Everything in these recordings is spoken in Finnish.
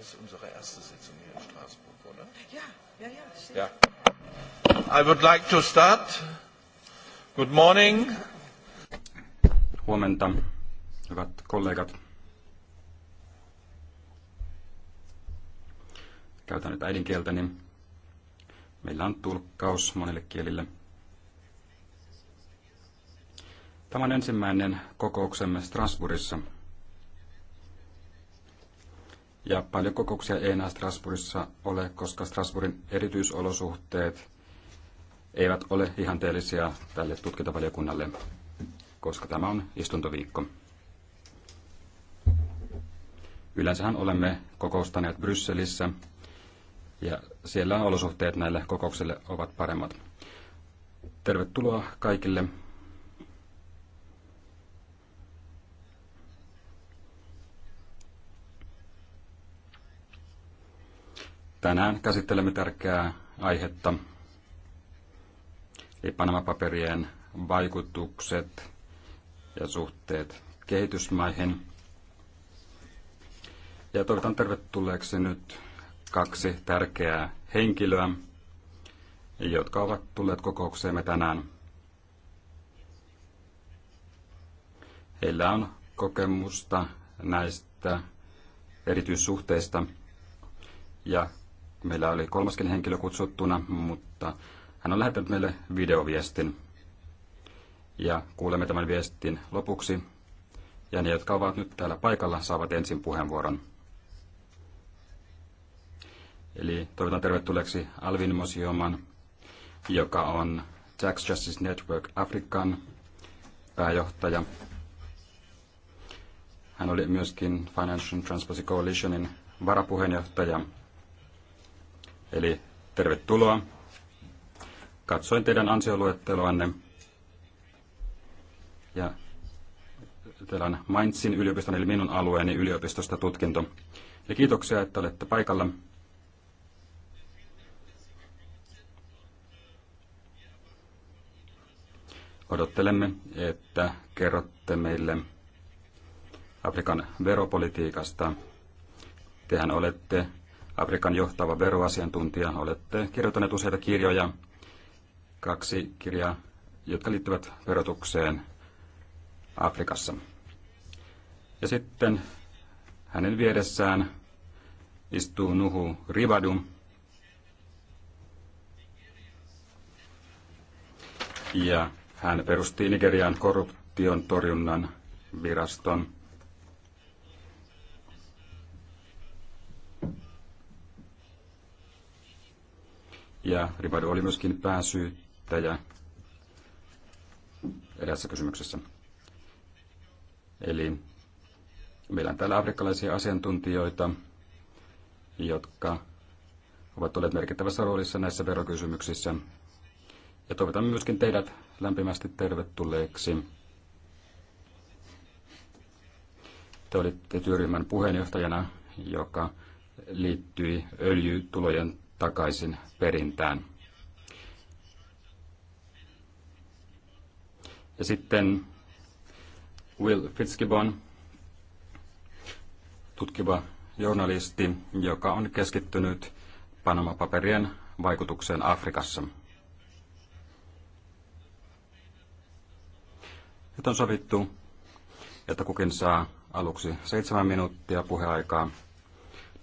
das ist unsere erste Sitzung hier in Straßburg, oder? Ja, ja, ja. ja. I would like to start. Good morning. Huomenta, hyvät kollegat. Käytän nyt äidinkieltäni. meillä on tulkkaus monille kielille. Tämä on ensimmäinen kokouksemme Strasbourgissa – ja paljon kokouksia ei enää Strasbourgissa ole, koska Strasbourgin erityisolosuhteet eivät ole ihanteellisia tälle tutkintavaliokunnalle, koska tämä on istuntoviikko. Yleensähän olemme kokoustaneet Brysselissä ja siellä olosuhteet näille kokouksille ovat paremmat. Tervetuloa kaikille. Tänään käsittelemme tärkeää aihetta, eli Panama-paperien vaikutukset ja suhteet kehitysmaihin. Ja toivotan tervetulleeksi nyt kaksi tärkeää henkilöä, jotka ovat tulleet kokoukseemme tänään. Heillä on kokemusta näistä erityissuhteista ja Meillä oli kolmaskin henkilö kutsuttuna, mutta hän on lähettänyt meille videoviestin. Ja kuulemme tämän viestin lopuksi. Ja ne, jotka ovat nyt täällä paikalla, saavat ensin puheenvuoron. Eli toivotan tervetulleeksi Alvin Mosioman, joka on Tax Justice Network Afrikan pääjohtaja. Hän oli myöskin Financial Transparency Coalitionin varapuheenjohtaja Eli tervetuloa. Katsoin teidän ansioluetteloanne. Ja teillä on Mainzin yliopiston, eli minun alueeni yliopistosta tutkinto. Ja kiitoksia, että olette paikalla. Odottelemme, että kerrotte meille Afrikan veropolitiikasta. Tehän olette Afrikan johtava veroasiantuntija. Olette kirjoittaneet useita kirjoja, kaksi kirjaa, jotka liittyvät verotukseen Afrikassa. Ja sitten hänen vieressään istuu Nuhu Rivadu. Ja hän perusti Nigerian korruption torjunnan viraston – ja Ribadu oli myöskin pääsyyttäjä edessä kysymyksessä. Eli meillä on täällä afrikkalaisia asiantuntijoita, jotka ovat olleet merkittävässä roolissa näissä verokysymyksissä. Ja toivotamme myöskin teidät lämpimästi tervetulleeksi. Te olitte työryhmän puheenjohtajana, joka liittyi öljytulojen takaisin perintään. Ja sitten Will Fitzgibbon, tutkiva journalisti, joka on keskittynyt Panama-paperien vaikutukseen Afrikassa. Nyt on sovittu, että kukin saa aluksi seitsemän minuuttia puheaikaa.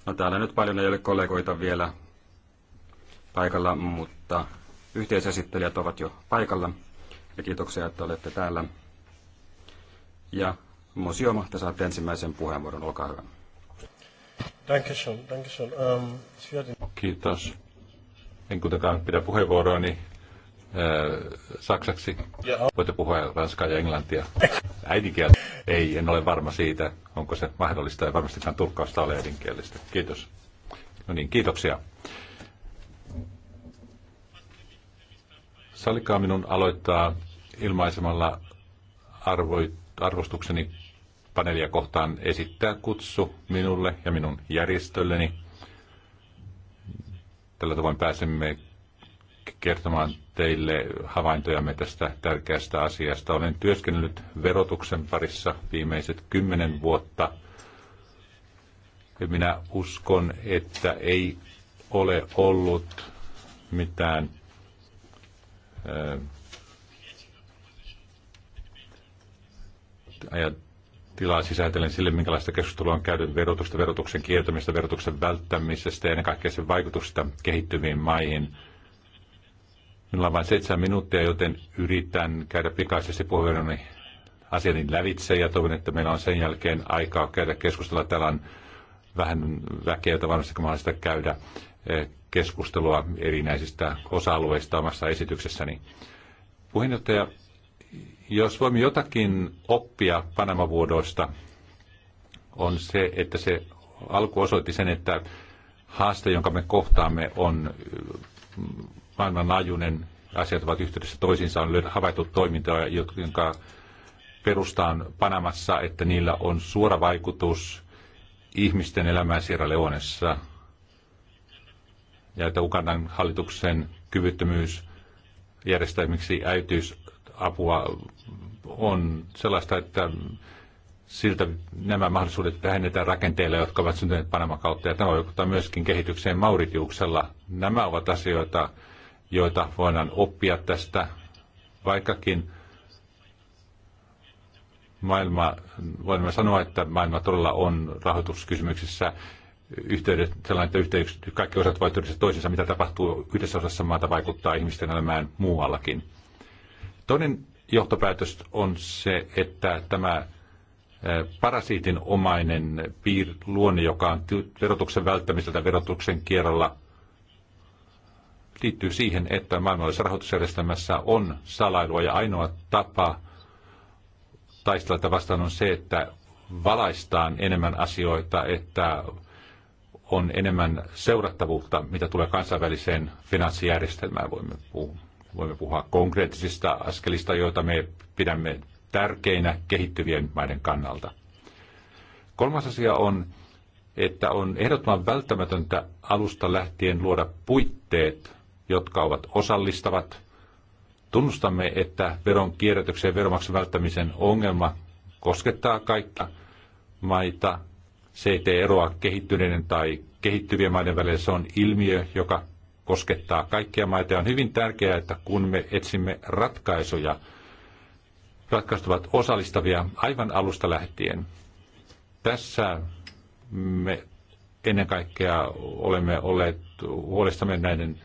No täällä nyt paljon ei ole kollegoita vielä paikalla, mutta yhteisesittelijät ovat jo paikalla. Ja kiitoksia, että olette täällä. Ja Mosioma, te saatte ensimmäisen puheenvuoron. Olkaa hyvä. Ähm, Kiitos. En kuitenkaan pidä niin saksaksi. Voitte puhua ranskaa ja englantia. Äidinkieltä ei, en ole varma siitä, onko se mahdollista ja varmastikaan tulkkausta ole äidinkielistä. Kiitos. No niin, kiitoksia. Salikaa minun aloittaa ilmaisemalla arvo, arvostukseni panelia kohtaan esittää kutsu minulle ja minun järjestölleni. Tällä tavoin pääsemme kertomaan teille havaintojamme tästä tärkeästä asiasta. Olen työskennellyt verotuksen parissa viimeiset kymmenen vuotta. Ja minä uskon, että ei ole ollut mitään ajat tilaa sisäätellen sille, minkälaista keskustelua on käyty verotusta, verotuksen kieltämisestä, verotuksen välttämisestä ja ennen kaikkea sen vaikutusta kehittyviin maihin. Minulla on vain seitsemän minuuttia, joten yritän käydä pikaisesti puheenvuoroni asiani lävitse ja toivon, että meillä on sen jälkeen aikaa käydä keskustella. Täällä on vähän väkeä, jota varmasti sitä käydä eh, keskustelua erinäisistä osa-alueista omassa esityksessäni. Puheenjohtaja, jos voimme jotakin oppia Panama-vuodoista, on se, että se alku osoitti sen, että haaste, jonka me kohtaamme, on mm, maailmanlaajuinen. Asiat ovat yhteydessä toisiinsa, on havaittu toimintoja, jotka perustaan Panamassa, että niillä on suora vaikutus ihmisten elämään Sierra Leonessa, ja että Ugandan hallituksen kyvyttömyys järjestää esimerkiksi äitiysapua on sellaista, että siltä nämä mahdollisuudet vähennetään rakenteilla, jotka ovat syntyneet Panaman kautta, ja tämä vaikuttaa myöskin kehitykseen Mauritiuksella. Nämä ovat asioita, joita voidaan oppia tästä, vaikkakin maailma, voimme sanoa, että maailma todella on rahoituskysymyksissä yhteydet, sellainen, että yhteyks, kaikki osat voivat yhdessä toisensa, mitä tapahtuu yhdessä osassa maata, vaikuttaa ihmisten elämään muuallakin. Toinen johtopäätös on se, että tämä parasiitin omainen piir, luonne, joka on verotuksen välttämiseltä verotuksen kierralla, liittyy siihen, että maailmallisessa rahoitusjärjestelmässä on salailua ja ainoa tapa taistella vastaan on se, että valaistaan enemmän asioita, että on enemmän seurattavuutta, mitä tulee kansainväliseen finanssijärjestelmään. Voimme puhua, voimme puhua konkreettisista askelista, joita me pidämme tärkeinä kehittyvien maiden kannalta. Kolmas asia on, että on ehdottoman välttämätöntä alusta lähtien luoda puitteet, jotka ovat osallistavat. Tunnustamme, että veron kierrätyksen ja veromaksun välttämisen ongelma koskettaa kaikkia maita, se ei eroa kehittyneiden tai kehittyvien maiden välillä. Se on ilmiö, joka koskettaa kaikkia maita. Ja on hyvin tärkeää, että kun me etsimme ratkaisuja, ratkaisut ovat osallistavia aivan alusta lähtien. Tässä me ennen kaikkea olemme olleet huolestamme näiden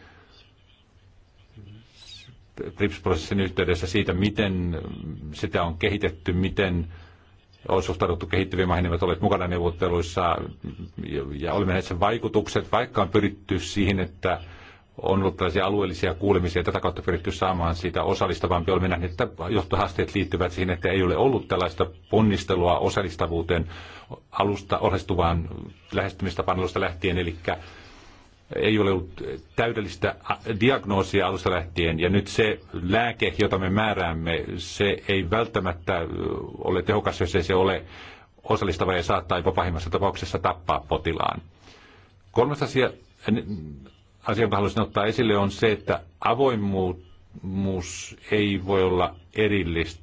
TRIPS-prosessin yhteydessä siitä, miten sitä on kehitetty, miten on suhtauduttu kehittyviin maihin, eivät olleet mukana neuvotteluissa ja olemme näissä vaikutukset, vaikka on pyritty siihen, että on ollut tällaisia alueellisia kuulemisia ja tätä kautta pyritty saamaan siitä osallistavampi. Olemme nähneet, että johtohaasteet liittyvät siihen, että ei ole ollut tällaista ponnistelua osallistavuuteen alusta osallistuvaan lähestymistapaan alusta lähtien, eli ei ole ollut täydellistä diagnoosia alusta lähtien, ja nyt se lääke, jota me määräämme, se ei välttämättä ole tehokas, jos ei se ole osallistava ja saattaa jopa pahimmassa tapauksessa tappaa potilaan. Kolmas asia, asia jonka haluaisin ottaa esille, on se, että avoimuus ei voi olla erillistä.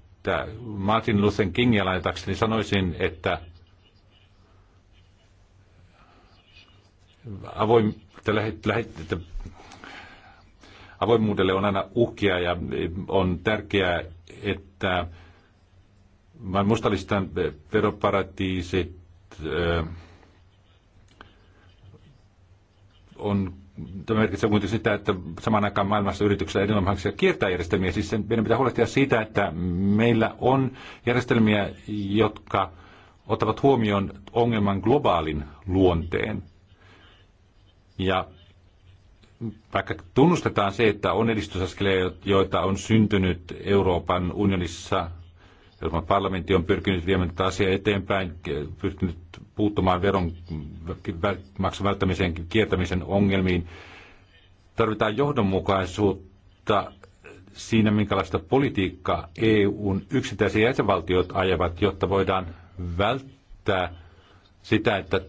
Martin Luther Kingia lainatakseni sanoisin, että avoin, te lähit, lähit, te, avoimuudelle on aina uhkia ja on tärkeää, että vain mustalistan veroparatiisit ö, on Tämä merkitsee kuitenkin sitä, että samaan aikaan maailmassa yrityksillä on mahdollisuuksia kiertää järjestelmiä. Siis sen, meidän pitää huolehtia siitä, että meillä on järjestelmiä, jotka ottavat huomioon ongelman globaalin luonteen. Ja vaikka tunnustetaan se, että on edistysaskeleja, joita on syntynyt Euroopan unionissa, Euroopan parlamentti on pyrkinyt viemään tätä asiaa eteenpäin, pyrkinyt puuttumaan veron maksun välttämisen kiertämisen ongelmiin. Tarvitaan johdonmukaisuutta siinä, minkälaista politiikkaa EUn yksittäiset jäsenvaltiot ajavat, jotta voidaan välttää sitä, että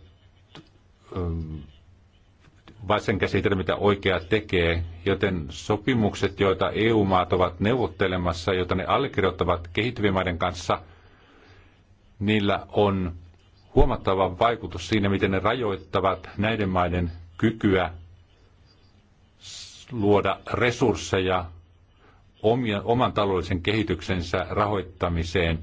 vaan sen käsitellä, mitä oikea tekee, joten sopimukset, joita EU-maat ovat neuvottelemassa, joita ne allekirjoittavat kehittyvien maiden kanssa, niillä on huomattava vaikutus siinä, miten ne rajoittavat näiden maiden kykyä luoda resursseja oman taloudellisen kehityksensä rahoittamiseen.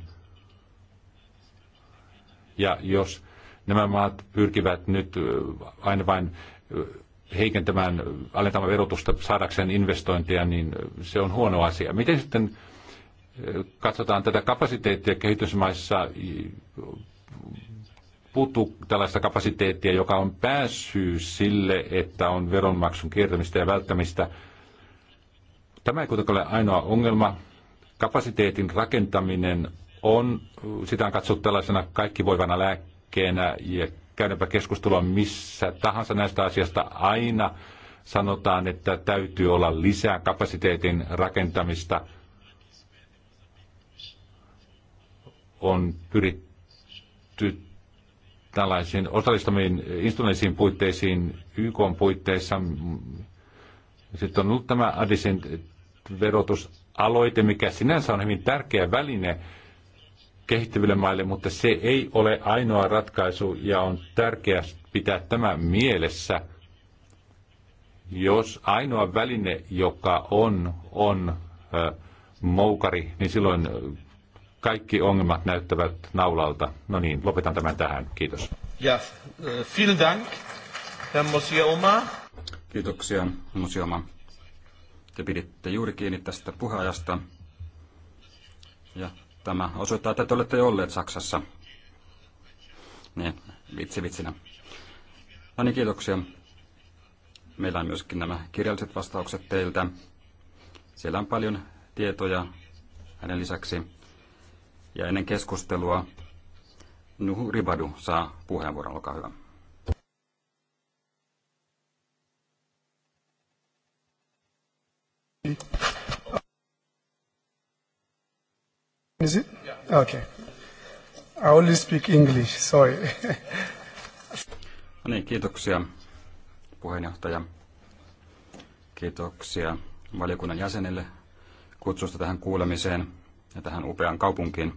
Ja jos nämä maat pyrkivät nyt aina vain heikentämään, alentamaan verotusta saadakseen investointeja, niin se on huono asia. Miten sitten katsotaan tätä kapasiteettia kehitysmaissa, puuttuu tällaista kapasiteettia, joka on pääsyy sille, että on veronmaksun kiertämistä ja välttämistä. Tämä ei kuitenkaan ole ainoa ongelma. Kapasiteetin rakentaminen on, sitä on katsottu tällaisena voivana lääkkeenä ja käydäänpä keskustelua missä tahansa näistä asiasta, aina sanotaan, että täytyy olla lisää kapasiteetin rakentamista. On pyritty tällaisiin osallistumiin instrumentisiin puitteisiin YK puitteissa. Sitten on ollut tämä Addisin verotusaloite, mikä sinänsä on hyvin tärkeä väline kehittyville maille, mutta se ei ole ainoa ratkaisu ja on tärkeää pitää tämä mielessä. Jos ainoa väline, joka on, on ö, moukari, niin silloin kaikki ongelmat näyttävät naulalta. No niin, lopetan tämän tähän. Kiitos. Ja, äh, vielen dank, Herr Kiitoksia, Musioma. Te piditte juuri kiinni tästä puheajasta. Ja Tämä osoittaa, että te olette jo olleet Saksassa. Niin, vitsi vitsinä. No niin, kiitoksia. Meillä on myöskin nämä kirjalliset vastaukset teiltä. Siellä on paljon tietoja hänen lisäksi. Ja ennen keskustelua Nuhu Ribadu saa puheenvuoron, olkaa hyvä. Is it? Okay. I only speak English, sorry. no niin, kiitoksia puheenjohtaja. Kiitoksia valiokunnan jäsenille kutsusta tähän kuulemiseen ja tähän upeaan kaupunkiin.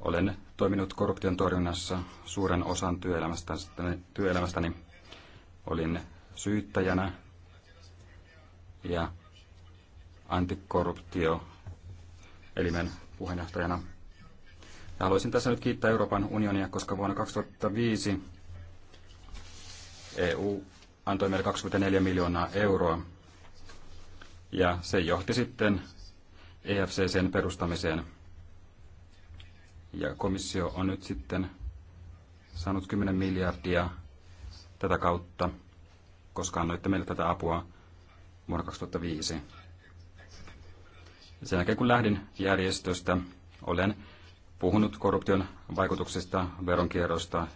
Olen toiminut korruption torjunnassa suuren osan työelämästäni. työelämästäni. Olin syyttäjänä ja antikorruptioelimen puheenjohtajana. Ja haluaisin tässä nyt kiittää Euroopan unionia, koska vuonna 2005 EU antoi meille 24 miljoonaa euroa. Ja se johti sitten EFCCn perustamiseen. Ja komissio on nyt sitten saanut 10 miljardia tätä kautta, koska annoitte meille tätä apua vuonna 2005. Sen jälkeen kun lähdin järjestöstä, olen puhunut korruption vaikutuksista, veronkierrosta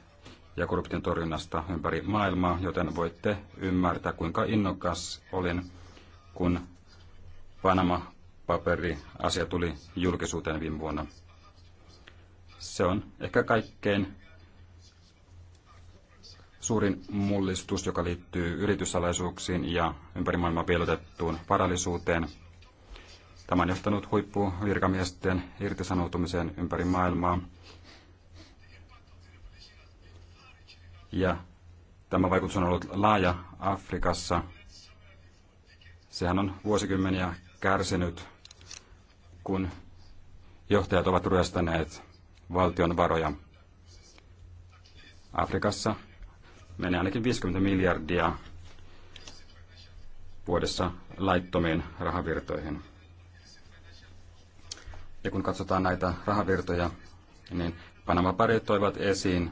ja korruption torjunnasta ympäri maailmaa, joten voitte ymmärtää, kuinka innokas olin, kun Panama-paperi-asia tuli julkisuuteen viime vuonna. Se on ehkä kaikkein suurin mullistus, joka liittyy yrityssalaisuuksiin ja ympäri maailmaa piilotettuun varallisuuteen, Tämä on johtanut huippuvirkamiesten irtisanoutumiseen ympäri maailmaa. Ja tämä vaikutus on ollut laaja Afrikassa. Sehän on vuosikymmeniä kärsinyt, kun johtajat ovat ryöstäneet valtion varoja. Afrikassa menee ainakin 50 miljardia vuodessa laittomiin rahavirtoihin. Ja kun katsotaan näitä rahavirtoja, niin Panama-parit toivat esiin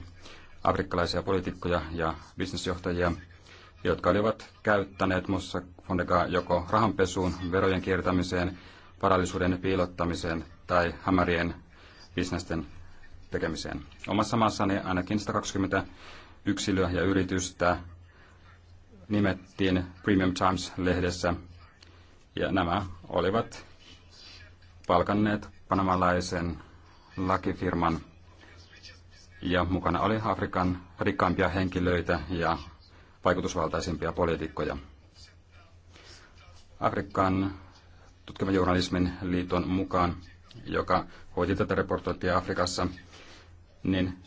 afrikkalaisia poliitikkoja ja bisnesjohtajia, jotka olivat käyttäneet Mossa Fondegaa joko rahanpesuun, verojen kiertämiseen, varallisuuden piilottamiseen tai hämärien bisnesten tekemiseen. Omassa maassani ainakin 120 yksilöä ja yritystä nimettiin Premium Times-lehdessä, ja nämä olivat palkanneet panamalaisen lakifirman ja mukana oli Afrikan rikkaimpia henkilöitä ja vaikutusvaltaisimpia poliitikkoja. Afrikan tutkivan journalismin liiton mukaan, joka hoiti tätä raportointia Afrikassa, niin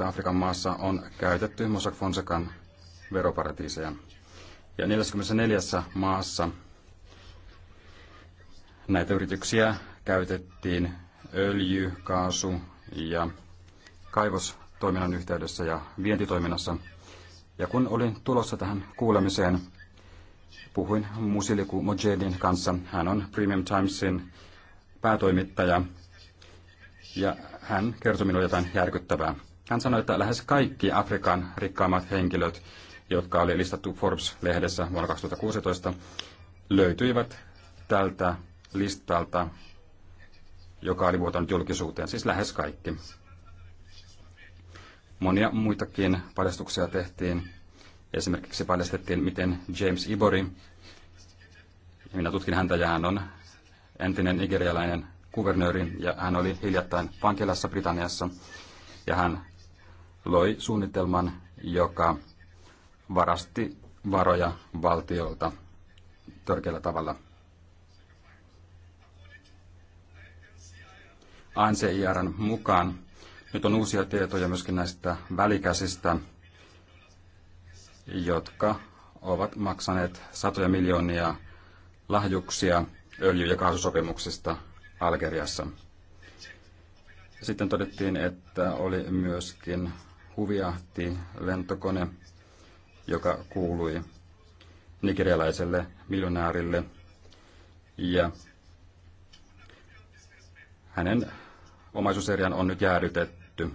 52-54 Afrikan maassa on käytetty Mossack Fonsekan veroparatiiseja. Ja 44 maassa Näitä yrityksiä käytettiin öljy-, kaasu- ja kaivostoiminnan yhteydessä ja vientitoiminnassa. Ja kun olin tulossa tähän kuulemiseen, puhuin Musiliku Mojedin kanssa. Hän on Premium Timesin päätoimittaja ja hän kertoi minulle jotain järkyttävää. Hän sanoi, että lähes kaikki Afrikan rikkaimmat henkilöt, jotka oli listattu Forbes-lehdessä vuonna 2016, löytyivät tältä listalta, joka oli vuotanut julkisuuteen, siis lähes kaikki. Monia muitakin paljastuksia tehtiin. Esimerkiksi paljastettiin, miten James Ibori, minä tutkin häntä ja hän on entinen nigerialainen kuvernööri ja hän oli hiljattain vankilassa Britanniassa ja hän loi suunnitelman, joka varasti varoja valtiolta törkeällä tavalla. ANCIRn mukaan. Nyt on uusia tietoja myöskin näistä välikäsistä, jotka ovat maksaneet satoja miljoonia lahjuksia öljy- ja kaasusopimuksista Algeriassa. Sitten todettiin, että oli myöskin huviahti lentokone, joka kuului nigerialaiselle miljonäärille ja hänen omaisuuserian on nyt jäädytetty.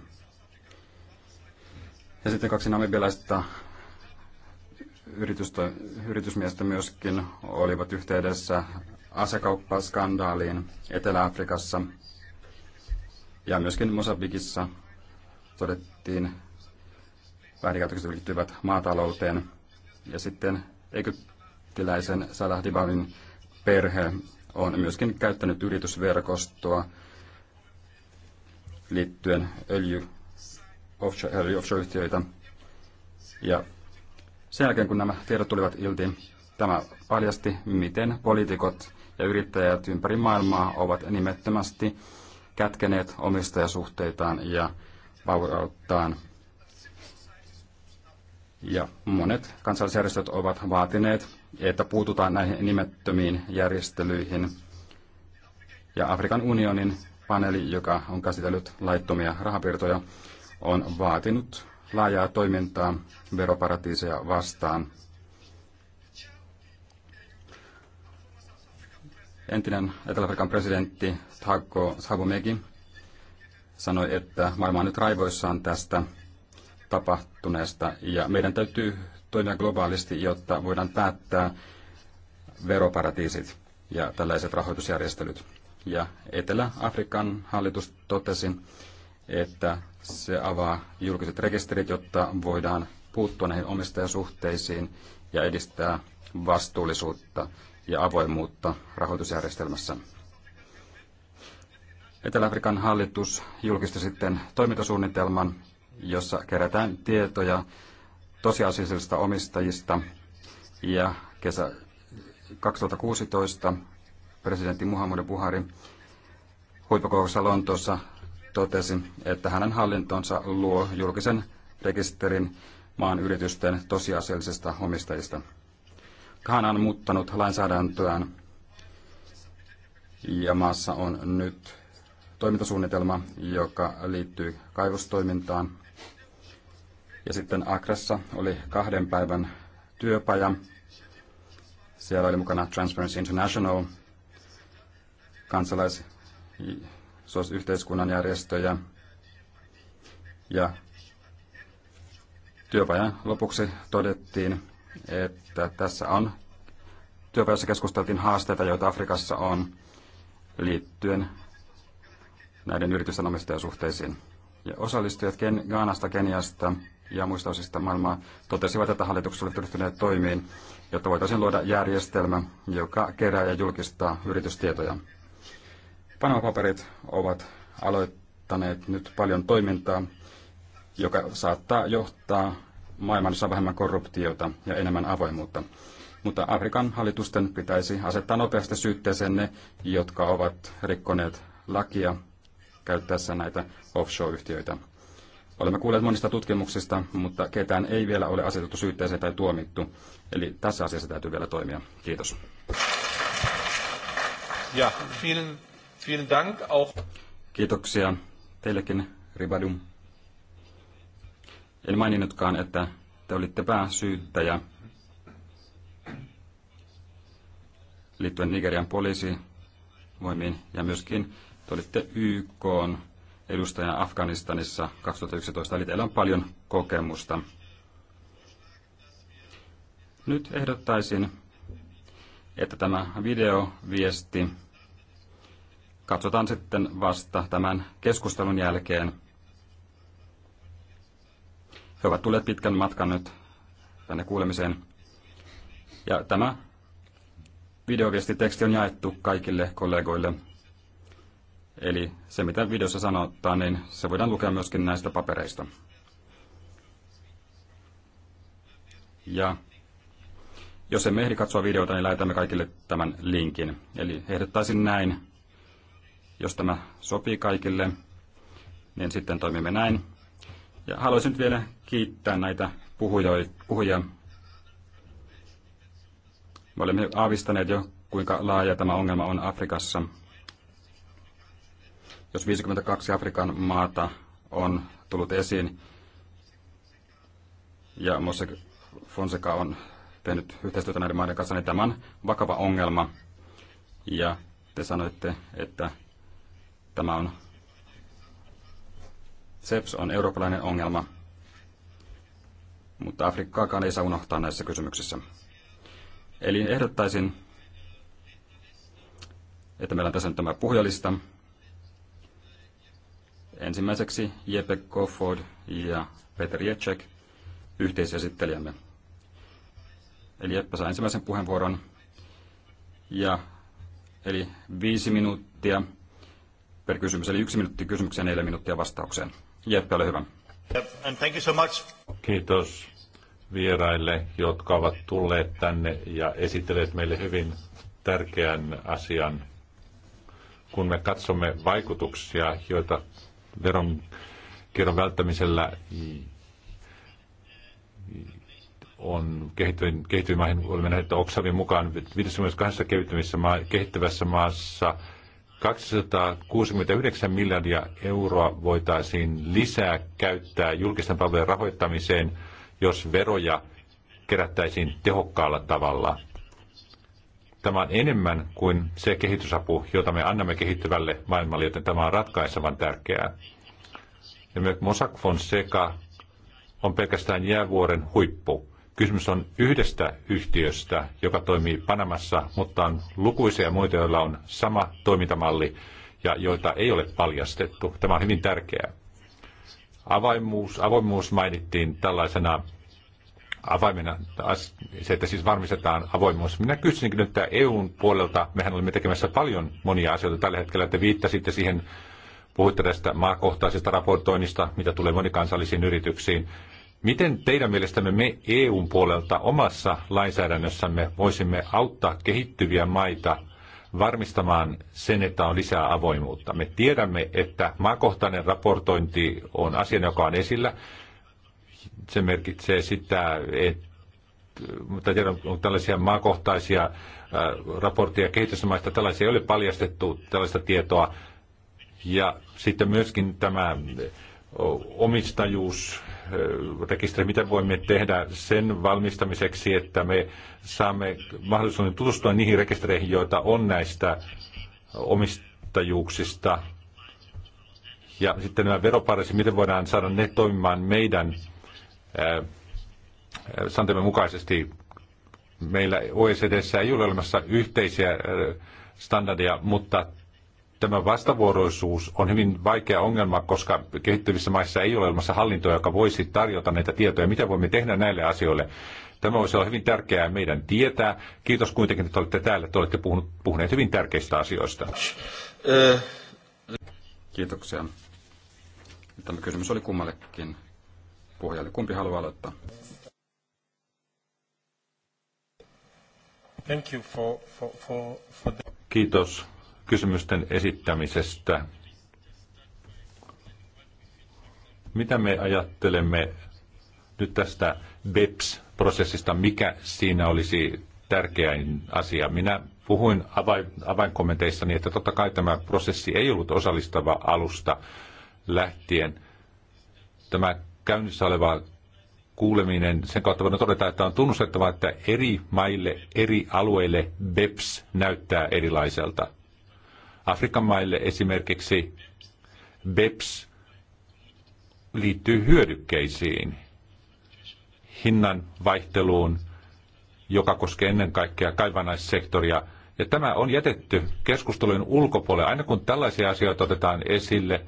Ja sitten kaksi namibialaista yritysmiestä myöskin olivat yhteydessä asekauppaskandaaliin Etelä-Afrikassa ja myöskin Mosambikissa todettiin väärinkäytökset liittyvät maatalouteen. Ja sitten egyptiläisen Salah Dibalin perhe on myöskin käyttänyt yritysverkostoa liittyen öljy, offshore, öljy, offshore-yhtiöitä. Ja sen jälkeen, kun nämä tiedot tulivat ilti, tämä paljasti, miten poliitikot ja yrittäjät ympäri maailmaa ovat nimettömästi kätkeneet omistajasuhteitaan ja vaurauttaan. Ja monet kansallisjärjestöt ovat vaatineet, että puututaan näihin nimettömiin järjestelyihin. Ja Afrikan unionin paneeli, joka on käsitellyt laittomia rahapiirtoja, on vaatinut laajaa toimintaa veroparatiiseja vastaan. Entinen Etelä-Afrikan presidentti Thakko Sabumeki sanoi, että maailma on nyt raivoissaan tästä tapahtuneesta ja meidän täytyy toimia globaalisti, jotta voidaan päättää veroparatiisit ja tällaiset rahoitusjärjestelyt. Ja Etelä-Afrikan hallitus totesi, että se avaa julkiset rekisterit, jotta voidaan puuttua näihin omistajasuhteisiin ja edistää vastuullisuutta ja avoimuutta rahoitusjärjestelmässä. Etelä-Afrikan hallitus julkisti sitten toimintasuunnitelman, jossa kerätään tietoja tosiasiallisista omistajista ja kesä 2016 presidentti Muhammad Buhari huippukokouksessa Lontoossa totesi, että hänen hallintonsa luo julkisen rekisterin maan yritysten tosiasiallisista omistajista. Hän on muuttanut lainsäädäntöään ja maassa on nyt toimintasuunnitelma, joka liittyy kaivostoimintaan. Ja sitten Akrassa oli kahden päivän työpaja. Siellä oli mukana Transparency International kansalaisyhteiskunnan järjestöjä. Ja työpajan lopuksi todettiin, että tässä on työpajassa keskusteltiin haasteita, joita Afrikassa on liittyen näiden yritysten omistajasuhteisiin. Ja osallistujat Ken, Gaanasta, Keniasta ja muista osista maailmaa totesivat, että hallituksessa oli ryhtyneet toimiin, jotta voitaisiin luoda järjestelmä, joka kerää ja julkistaa yritystietoja. Panama-paperit ovat aloittaneet nyt paljon toimintaa, joka saattaa johtaa maailmassa vähemmän korruptiota ja enemmän avoimuutta. Mutta Afrikan hallitusten pitäisi asettaa nopeasti syytteeseen ne, jotka ovat rikkoneet lakia käyttäessä näitä offshore-yhtiöitä. Olemme kuulleet monista tutkimuksista, mutta ketään ei vielä ole asetettu syytteeseen tai tuomittu. Eli tässä asiassa täytyy vielä toimia. Kiitos. Ja, vielen Vielen Dank auch. Kiitoksia teillekin, Ribadum. En maininnutkaan, että te olitte pääsyyttäjä liittyen Nigerian poliisivoimiin ja myöskin te olitte YK edustaja Afganistanissa 2011, eli teillä on paljon kokemusta. Nyt ehdottaisin, että tämä videoviesti katsotaan sitten vasta tämän keskustelun jälkeen. He ovat tulleet pitkän matkan nyt tänne kuulemiseen. Ja tämä videoviestiteksti on jaettu kaikille kollegoille. Eli se, mitä videossa sanotaan, niin se voidaan lukea myöskin näistä papereista. Ja jos emme ehdi katsoa videota, niin lähetämme kaikille tämän linkin. Eli ehdottaisin näin, jos tämä sopii kaikille, niin sitten toimimme näin. Ja haluaisin nyt vielä kiittää näitä puhujia. Me olemme aavistaneet jo, kuinka laaja tämä ongelma on Afrikassa. Jos 52 Afrikan maata on tullut esiin ja Mossack Fonseca on tehnyt yhteistyötä näiden maiden kanssa, niin tämä on vakava ongelma. Ja te sanoitte, että Tämä on SEPS on eurooppalainen ongelma, mutta Afrikkaakaan ei saa unohtaa näissä kysymyksissä. Eli ehdottaisin, että meillä on tässä nyt tämä puhujalista. Ensimmäiseksi Jeppe Kofod ja Peter Jecek, yhteisesittelijämme. Eli Jeppe saa ensimmäisen puheenvuoron. Ja, eli viisi minuuttia per kysymys. Eli yksi minuutti kysymykseen, neljä minuuttia vastaukseen. Jeppe, ole hyvä. And thank you so much. Kiitos vieraille, jotka ovat tulleet tänne ja esitelleet meille hyvin tärkeän asian. Kun me katsomme vaikutuksia, joita veronkierron välttämisellä on kehittyihin maihin, olemme nähneet, että Oksavin mukaan 52 kehittyvässä maassa – 269 miljardia euroa voitaisiin lisää käyttää julkisten palvelujen rahoittamiseen, jos veroja kerättäisiin tehokkaalla tavalla. Tämä on enemmän kuin se kehitysapu, jota me annamme kehittyvälle maailmalle, joten tämä on ratkaisevan tärkeää. Ja myös Mossack Fonseca on pelkästään jäävuoren huippu. Kysymys on yhdestä yhtiöstä, joka toimii Panamassa, mutta on lukuisia muita, joilla on sama toimintamalli ja joita ei ole paljastettu. Tämä on hyvin tärkeää. Avoimuus, avoimuus mainittiin tällaisena avaimena, se, että siis varmistetaan avoimuus. Minä kysyisinkin nyt että EUn puolelta, mehän olemme tekemässä paljon monia asioita tällä hetkellä, että viittasitte siihen, puhuitte tästä maakohtaisesta raportoinnista, mitä tulee monikansallisiin yrityksiin. Miten teidän mielestänne me EUn puolelta omassa lainsäädännössämme voisimme auttaa kehittyviä maita varmistamaan sen, että on lisää avoimuutta? Me tiedämme, että maakohtainen raportointi on asia, joka on esillä. Se merkitsee sitä, että tiedän, on tällaisia maakohtaisia äh, raportteja kehitysmaista, tällaisia ei ole paljastettu, tällaista tietoa. Ja sitten myöskin tämä omistajuus rekisteri, mitä voimme tehdä sen valmistamiseksi, että me saamme mahdollisuuden tutustua niihin rekistereihin, joita on näistä omistajuuksista. Ja sitten nämä veroparisi, miten voidaan saada ne toimimaan meidän santemme mukaisesti. Meillä OECDssä ei ole olemassa yhteisiä standardeja, mutta tämä vastavuoroisuus on hyvin vaikea ongelma, koska kehittyvissä maissa ei ole olemassa hallintoa, joka voisi tarjota näitä tietoja. Mitä voimme tehdä näille asioille? Tämä voisi olla hyvin tärkeää meidän tietää. Kiitos kuitenkin, että olette täällä. Te olette puhuneet hyvin tärkeistä asioista. Kiitoksia. Tämä kysymys oli kummallekin puhujalle. Kumpi haluaa aloittaa? Thank you for, for, for, for the... Kiitos kysymysten esittämisestä. Mitä me ajattelemme nyt tästä BEPS-prosessista, mikä siinä olisi tärkein asia? Minä puhuin avain, avainkommenteissani, että totta kai tämä prosessi ei ollut osallistava alusta lähtien. Tämä käynnissä oleva kuuleminen, sen kautta voidaan todeta, että on tunnustettava, että eri maille, eri alueille BEPS näyttää erilaiselta. Afrikan maille esimerkiksi BEPS liittyy hyödykkeisiin, hinnan vaihteluun, joka koskee ennen kaikkea kaivannaissektoria. Ja tämä on jätetty keskustelujen ulkopuolelle, aina kun tällaisia asioita otetaan esille.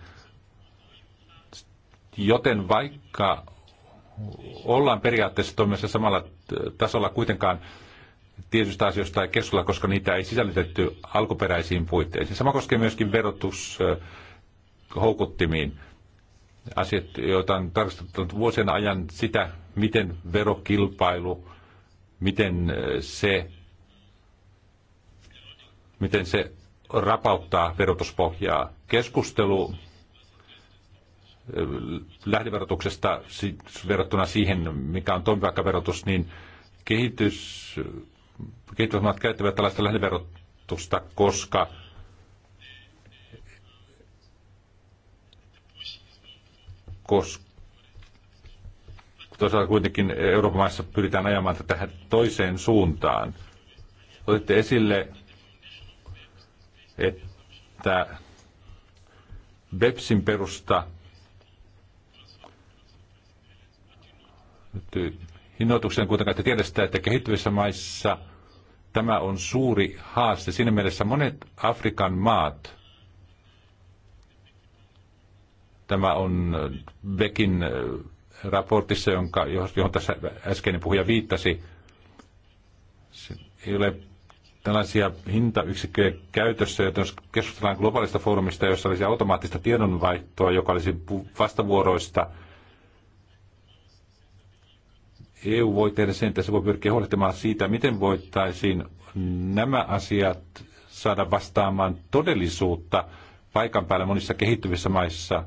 Joten vaikka ollaan periaatteessa toimessa samalla tasolla kuitenkaan tietystä asioista ei keskustella, koska niitä ei sisällytetty alkuperäisiin puitteisiin. Sama koskee myöskin verotus houkuttimiin. Asiat, joita on tarkasteltu vuosien ajan sitä, miten verokilpailu, miten se, miten se rapauttaa verotuspohjaa. Keskustelu lähdeverotuksesta verrattuna siihen, mikä on toimivaikka verotus, niin kehitys kehittyvät maat käyttävät tällaista lähdeverotusta, koska koska toisaalta kuitenkin Euroopan maissa pyritään ajamaan tähän toiseen suuntaan. Otitte esille, että BEPSin perusta hinnoituksen kuitenkaan että tiedä sitä, että kehittyvissä maissa Tämä on suuri haaste. Siinä mielessä monet Afrikan maat, tämä on Bekin äh, raportissa, jonka, johon tässä äskeinen puhuja viittasi, se ei ole tällaisia hintayksikköjä käytössä, joten jos keskustellaan globaalista foorumista, jossa olisi automaattista tiedonvaihtoa, joka olisi vastavuoroista, EU voi tehdä sen, että se voi pyrkiä huolehtimaan siitä, miten voitaisiin nämä asiat saada vastaamaan todellisuutta paikan päällä monissa kehittyvissä maissa.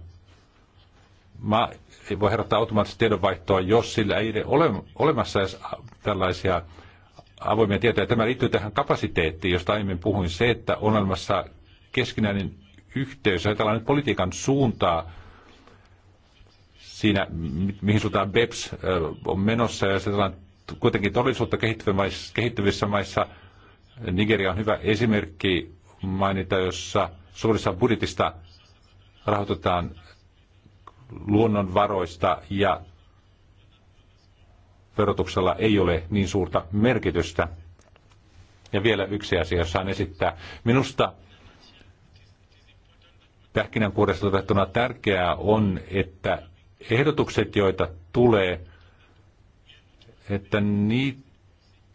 Mä ei voi herättää automaattista tiedonvaihtoa, jos sillä ei ole olemassa edes tällaisia avoimia tietoja. Tämä liittyy tähän kapasiteettiin, josta aiemmin puhuin. Se, että on olemassa keskinäinen yhteys, ajatellaan nyt politiikan suuntaa, siinä, mihin suuntaan BEPS on menossa ja se on kuitenkin todellisuutta kehittyvissä maissa. Nigeria on hyvä esimerkki mainita, jossa suurissa budjetista rahoitetaan luonnonvaroista ja verotuksella ei ole niin suurta merkitystä. Ja vielä yksi asia, jossa on esittää. Minusta pähkinän kuudesta tärkeää on, että ehdotukset, joita tulee, että niitä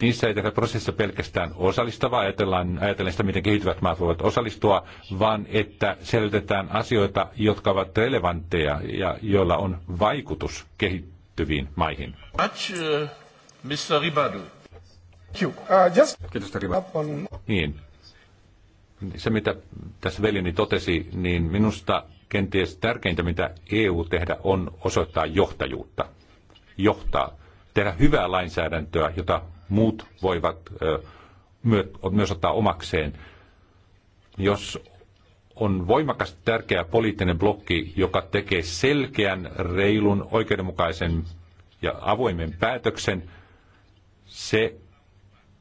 Niissä ei tehdä prosessissa pelkästään osallistavaa, ajatellaan, ajatellaan sitä, miten kehittyvät maat voivat osallistua, vaan että selvitetään asioita, jotka ovat relevantteja ja joilla on vaikutus kehittyviin maihin. Much, uh, Mr. Ribadu. Uh, Kiitos, Niin. Se, mitä tässä veljeni totesi, niin minusta Kenties tärkeintä, mitä EU tehdä, on osoittaa johtajuutta. Johtaa. Tehdä hyvää lainsäädäntöä, jota muut voivat myös ottaa omakseen. Jos on voimakas tärkeä poliittinen blokki, joka tekee selkeän, reilun, oikeudenmukaisen ja avoimen päätöksen, se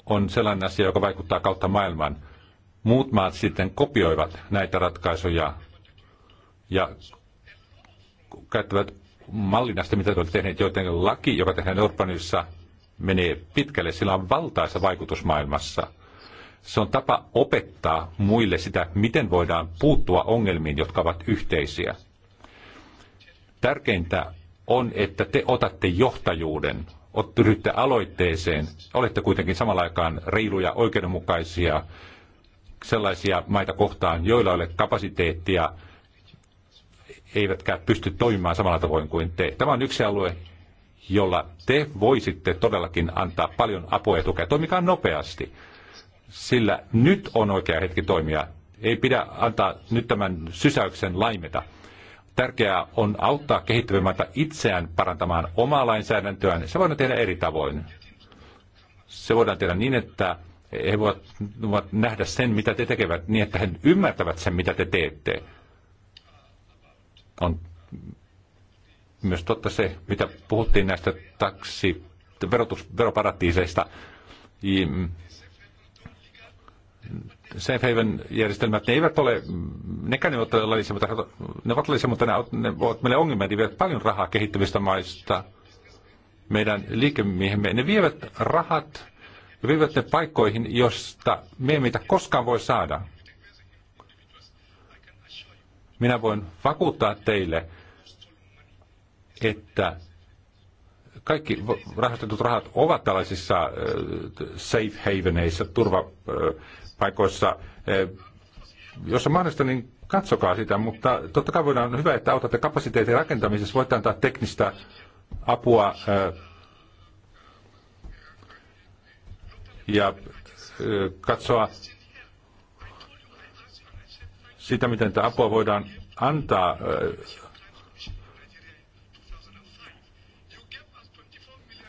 on sellainen asia, joka vaikuttaa kautta maailman. Muut maat sitten kopioivat näitä ratkaisuja ja käyttävät mallina sitä, mitä te olette tehneet, joten laki, joka tehdään Orbanissa, menee pitkälle. Sillä on valtaisa vaikutus maailmassa. Se on tapa opettaa muille sitä, miten voidaan puuttua ongelmiin, jotka ovat yhteisiä. Tärkeintä on, että te otatte johtajuuden, ryhdytte aloitteeseen. Olette kuitenkin samalla aikaan reiluja, oikeudenmukaisia sellaisia maita kohtaan, joilla ei ole kapasiteettia eivätkä pysty toimimaan samalla tavoin kuin te. Tämä on yksi alue, jolla te voisitte todellakin antaa paljon apua ja tukea. Toimikaa nopeasti, sillä nyt on oikea hetki toimia. Ei pidä antaa nyt tämän sysäyksen laimeta. Tärkeää on auttaa kehittyvämätä itseään parantamaan omaa lainsäädäntöään. Se voidaan tehdä eri tavoin. Se voidaan tehdä niin, että he voivat, voivat nähdä sen, mitä te tekevät, niin että he ymmärtävät sen, mitä te teette on myös totta se, mitä puhuttiin näistä taksi, verotus, veroparatiiseista. Mm, Safe Haven järjestelmät, ne eivät ole, nekään ne ovat laillisia, mutta ne ovat laillisia, mutta ne ovat meille ongelmia, ne vievät paljon rahaa kehittävistä maista. Meidän liikemiehemme, ne vievät rahat ne vievät ne paikkoihin, josta me ei mitä koskaan voi saada. Minä voin vakuuttaa teille, että kaikki rahastetut rahat ovat tällaisissa äh, safe haveneissa, turvapaikoissa, äh, on mahdollista, niin katsokaa sitä, mutta totta kai voidaan on hyvä, että autatte kapasiteetin rakentamisessa, voitte antaa teknistä apua äh, ja katsoa sitä, miten tätä apua voidaan antaa.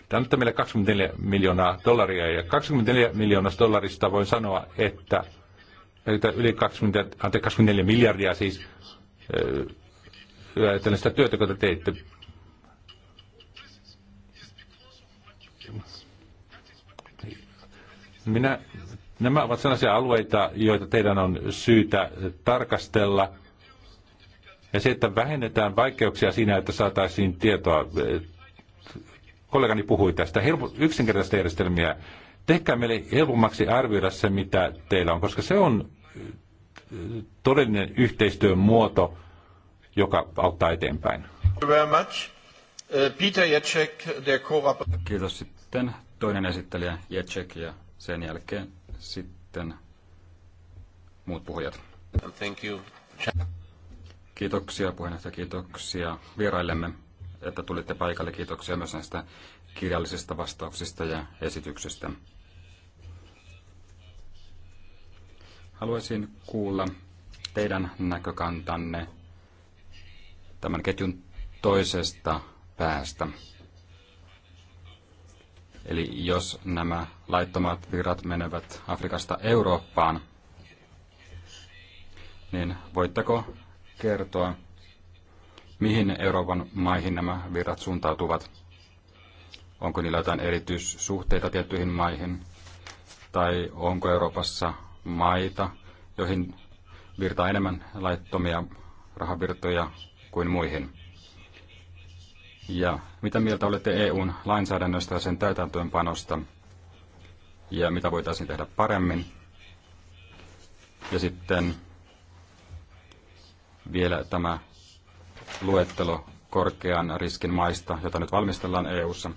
Tämä antaa meille 24 miljoonaa dollaria ja 24 miljoonasta dollarista voi sanoa, että, että yli 20, anteeksi, 24 miljardia siis tällaista työtä, kun te teitte. Minä Nämä ovat sellaisia alueita, joita teidän on syytä tarkastella. Ja se, että vähennetään vaikeuksia siinä, että saataisiin tietoa. Kollegani puhui tästä. Helpo, yksinkertaista järjestelmiä. Tehkää meille helpommaksi arvioida se, mitä teillä on, koska se on äh, todellinen yhteistyön muoto, joka auttaa eteenpäin. Uh, Peter Kiitos sitten toinen esittelijä Jacek ja sen jälkeen sitten muut puhujat. Thank you. Kiitoksia puheenjohtaja, kiitoksia vieraillemme, että tulitte paikalle. Kiitoksia myös näistä kirjallisista vastauksista ja esityksistä. Haluaisin kuulla teidän näkökantanne tämän ketjun toisesta päästä. Eli jos nämä laittomat virrat menevät Afrikasta Eurooppaan, niin voitteko kertoa, mihin Euroopan maihin nämä virrat suuntautuvat? Onko niillä jotain erityissuhteita tiettyihin maihin? Tai onko Euroopassa maita, joihin virtaa enemmän laittomia rahavirtoja kuin muihin? Ja mitä mieltä olette EUn lainsäädännöstä ja sen täytäntöönpanosta? Ja mitä voitaisiin tehdä paremmin? Ja sitten vielä tämä luettelo korkean riskin maista, jota nyt valmistellaan EU:ssa.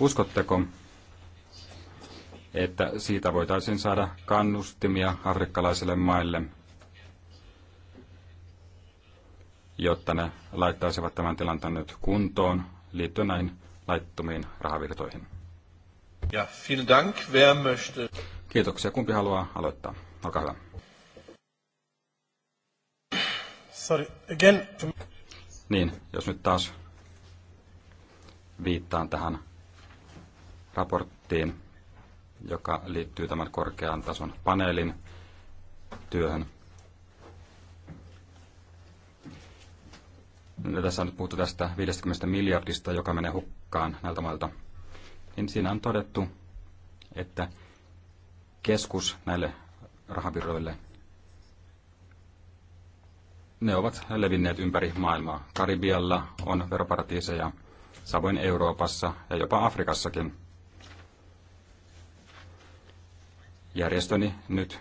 Uskotteko, että siitä voitaisiin saada kannustimia afrikkalaisille maille – jotta ne laittaisivat tämän tilanteen nyt kuntoon liittyen näihin laittomiin rahavirtoihin. Ja, vielen dank. Wer möchte? Kiitoksia. Kumpi haluaa aloittaa? Olkaa hyvä. Sorry, again. Niin, jos nyt taas viittaan tähän raporttiin, joka liittyy tämän korkean tason paneelin työhön. tässä on nyt puhuttu tästä 50 miljardista, joka menee hukkaan näiltä mailta, niin siinä on todettu, että keskus näille rahavirroille, ne ovat levinneet ympäri maailmaa. Karibialla on veroparatiiseja, samoin Euroopassa ja jopa Afrikassakin. Järjestöni nyt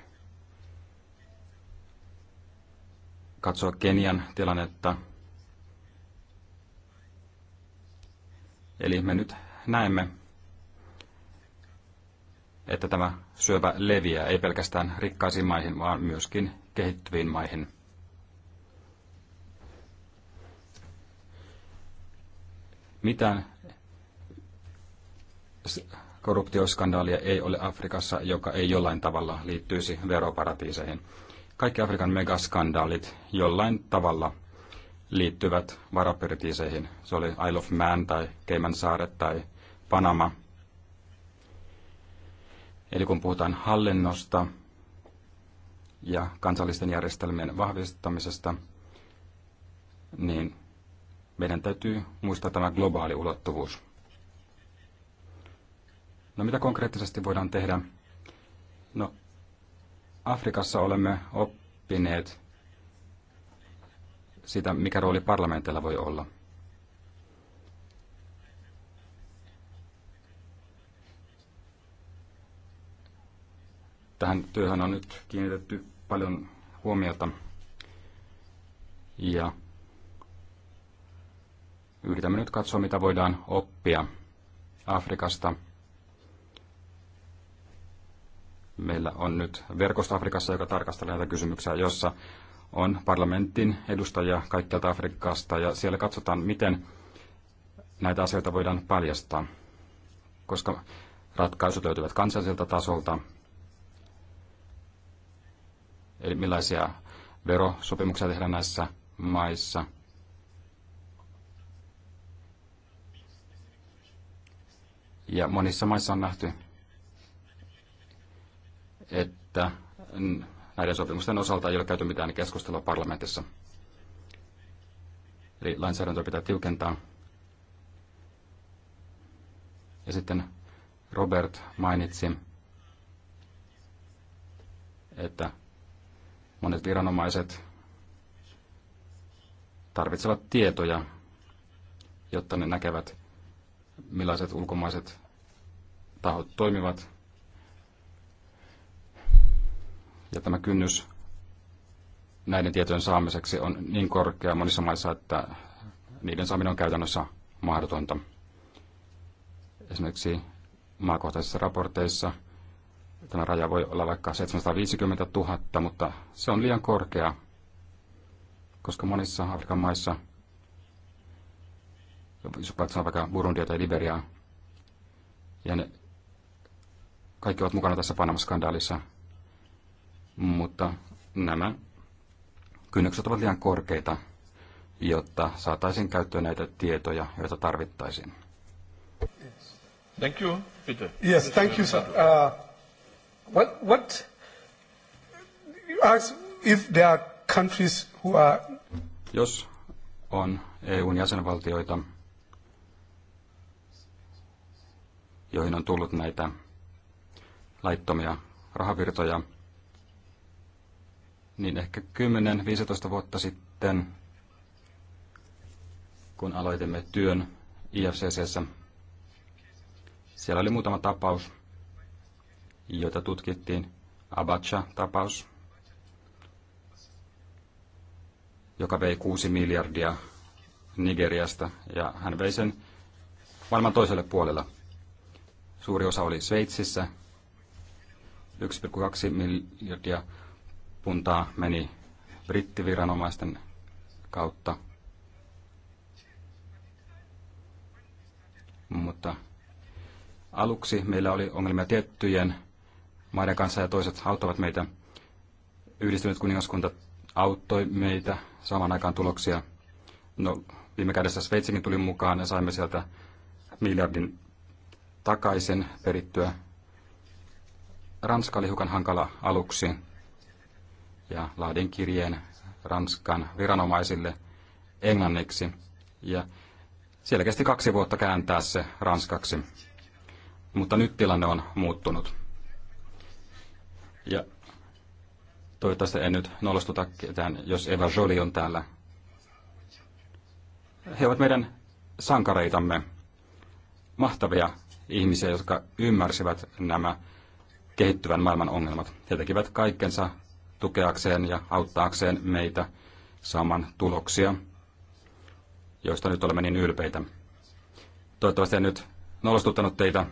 katsoo Kenian tilannetta – Eli me nyt näemme, että tämä syöpä leviää ei pelkästään rikkaisiin maihin, vaan myöskin kehittyviin maihin. Mitään korruptioskandaalia ei ole Afrikassa, joka ei jollain tavalla liittyisi veroparatiiseihin. Kaikki Afrikan megaskandaalit jollain tavalla liittyvät varaparatiiseihin. Se oli Isle of Man tai Keiman saaret tai Panama. Eli kun puhutaan hallinnosta ja kansallisten järjestelmien vahvistamisesta, niin meidän täytyy muistaa tämä globaali ulottuvuus. No mitä konkreettisesti voidaan tehdä? No Afrikassa olemme oppineet sitä, mikä rooli parlamentilla voi olla. Tähän työhön on nyt kiinnitetty paljon huomiota ja yritämme nyt katsoa, mitä voidaan oppia Afrikasta. Meillä on nyt verkosto Afrikassa, joka tarkastelee näitä kysymyksiä, jossa on parlamentin edustajia kaikkialta Afrikasta ja siellä katsotaan, miten näitä asioita voidaan paljastaa, koska ratkaisut löytyvät kansalliselta tasolta, eli millaisia verosopimuksia tehdään näissä maissa. Ja monissa maissa on nähty, että näiden sopimusten osalta ei ole käyty mitään keskustelua parlamentissa. Eli lainsäädäntöä pitää tiukentaa. Ja sitten Robert mainitsi, että monet viranomaiset tarvitsevat tietoja, jotta ne näkevät, millaiset ulkomaiset tahot toimivat Ja tämä kynnys näiden tietojen saamiseksi on niin korkea monissa maissa, että niiden saaminen on käytännössä mahdotonta. Esimerkiksi maakohtaisissa raporteissa tämä raja voi olla vaikka 750 000, mutta se on liian korkea, koska monissa Afrikan maissa, jos katsotaan vaikka Burundia tai Liberiaa, ja ne kaikki ovat mukana tässä Panama-skandaalissa, mutta nämä kynnykset ovat liian korkeita, jotta saataisiin käyttöön näitä tietoja, joita tarvittaisiin. Thank you, Peter. Yes, thank you, sir. Uh, what, what, if there are countries who are... Jos on EUn jäsenvaltioita, joihin on tullut näitä laittomia rahavirtoja, niin ehkä 10-15 vuotta sitten, kun aloitimme työn IFCCssä, siellä oli muutama tapaus, joita tutkittiin. Abacha-tapaus, joka vei 6 miljardia Nigeriasta, ja hän vei sen maailman toiselle puolella. Suuri osa oli Sveitsissä, 1,2 miljardia puntaa meni brittiviranomaisten kautta. Mutta aluksi meillä oli ongelmia tiettyjen maiden kanssa ja toiset auttavat meitä. Yhdistynyt kuningaskunta auttoi meitä saman aikaan tuloksia. No, viime kädessä Sveitsikin tuli mukaan ja saimme sieltä miljardin takaisin perittyä. Ranska oli hiukan hankala aluksi ja laadin kirjeen Ranskan viranomaisille englanniksi ja siellä kesti kaksi vuotta kääntää se ranskaksi. Mutta nyt tilanne on muuttunut. Ja toivottavasti en nyt nolostuta ketään, jos Eva Jolie on täällä. He ovat meidän sankareitamme, mahtavia ihmisiä, jotka ymmärsivät nämä kehittyvän maailman ongelmat. He tekivät kaikkensa tukeakseen ja auttaakseen meitä saamaan tuloksia, joista nyt olemme niin ylpeitä. Toivottavasti en nyt nolostuttanut teitä,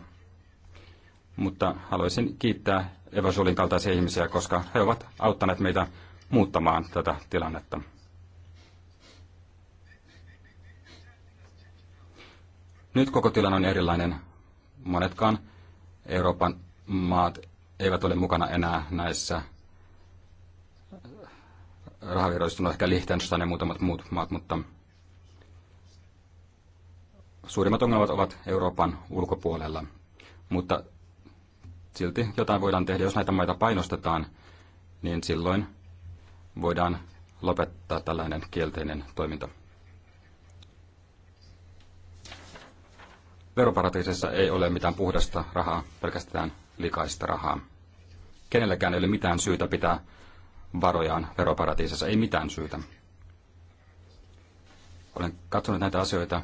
mutta haluaisin kiittää Eva Sulin kaltaisia ihmisiä, koska he ovat auttaneet meitä muuttamaan tätä tilannetta. Nyt koko tilanne on erilainen. Monetkaan Euroopan maat eivät ole mukana enää näissä rahavirroista on ehkä Liechtenstein ja muutamat muut maat, mutta suurimmat ongelmat ovat Euroopan ulkopuolella. Mutta silti jotain voidaan tehdä, jos näitä maita painostetaan, niin silloin voidaan lopettaa tällainen kielteinen toiminta. Veroparatiisissa ei ole mitään puhdasta rahaa, pelkästään likaista rahaa. Kenelläkään ei ole mitään syytä pitää varojaan veroparatiisissa. Ei mitään syytä. Olen katsonut näitä asioita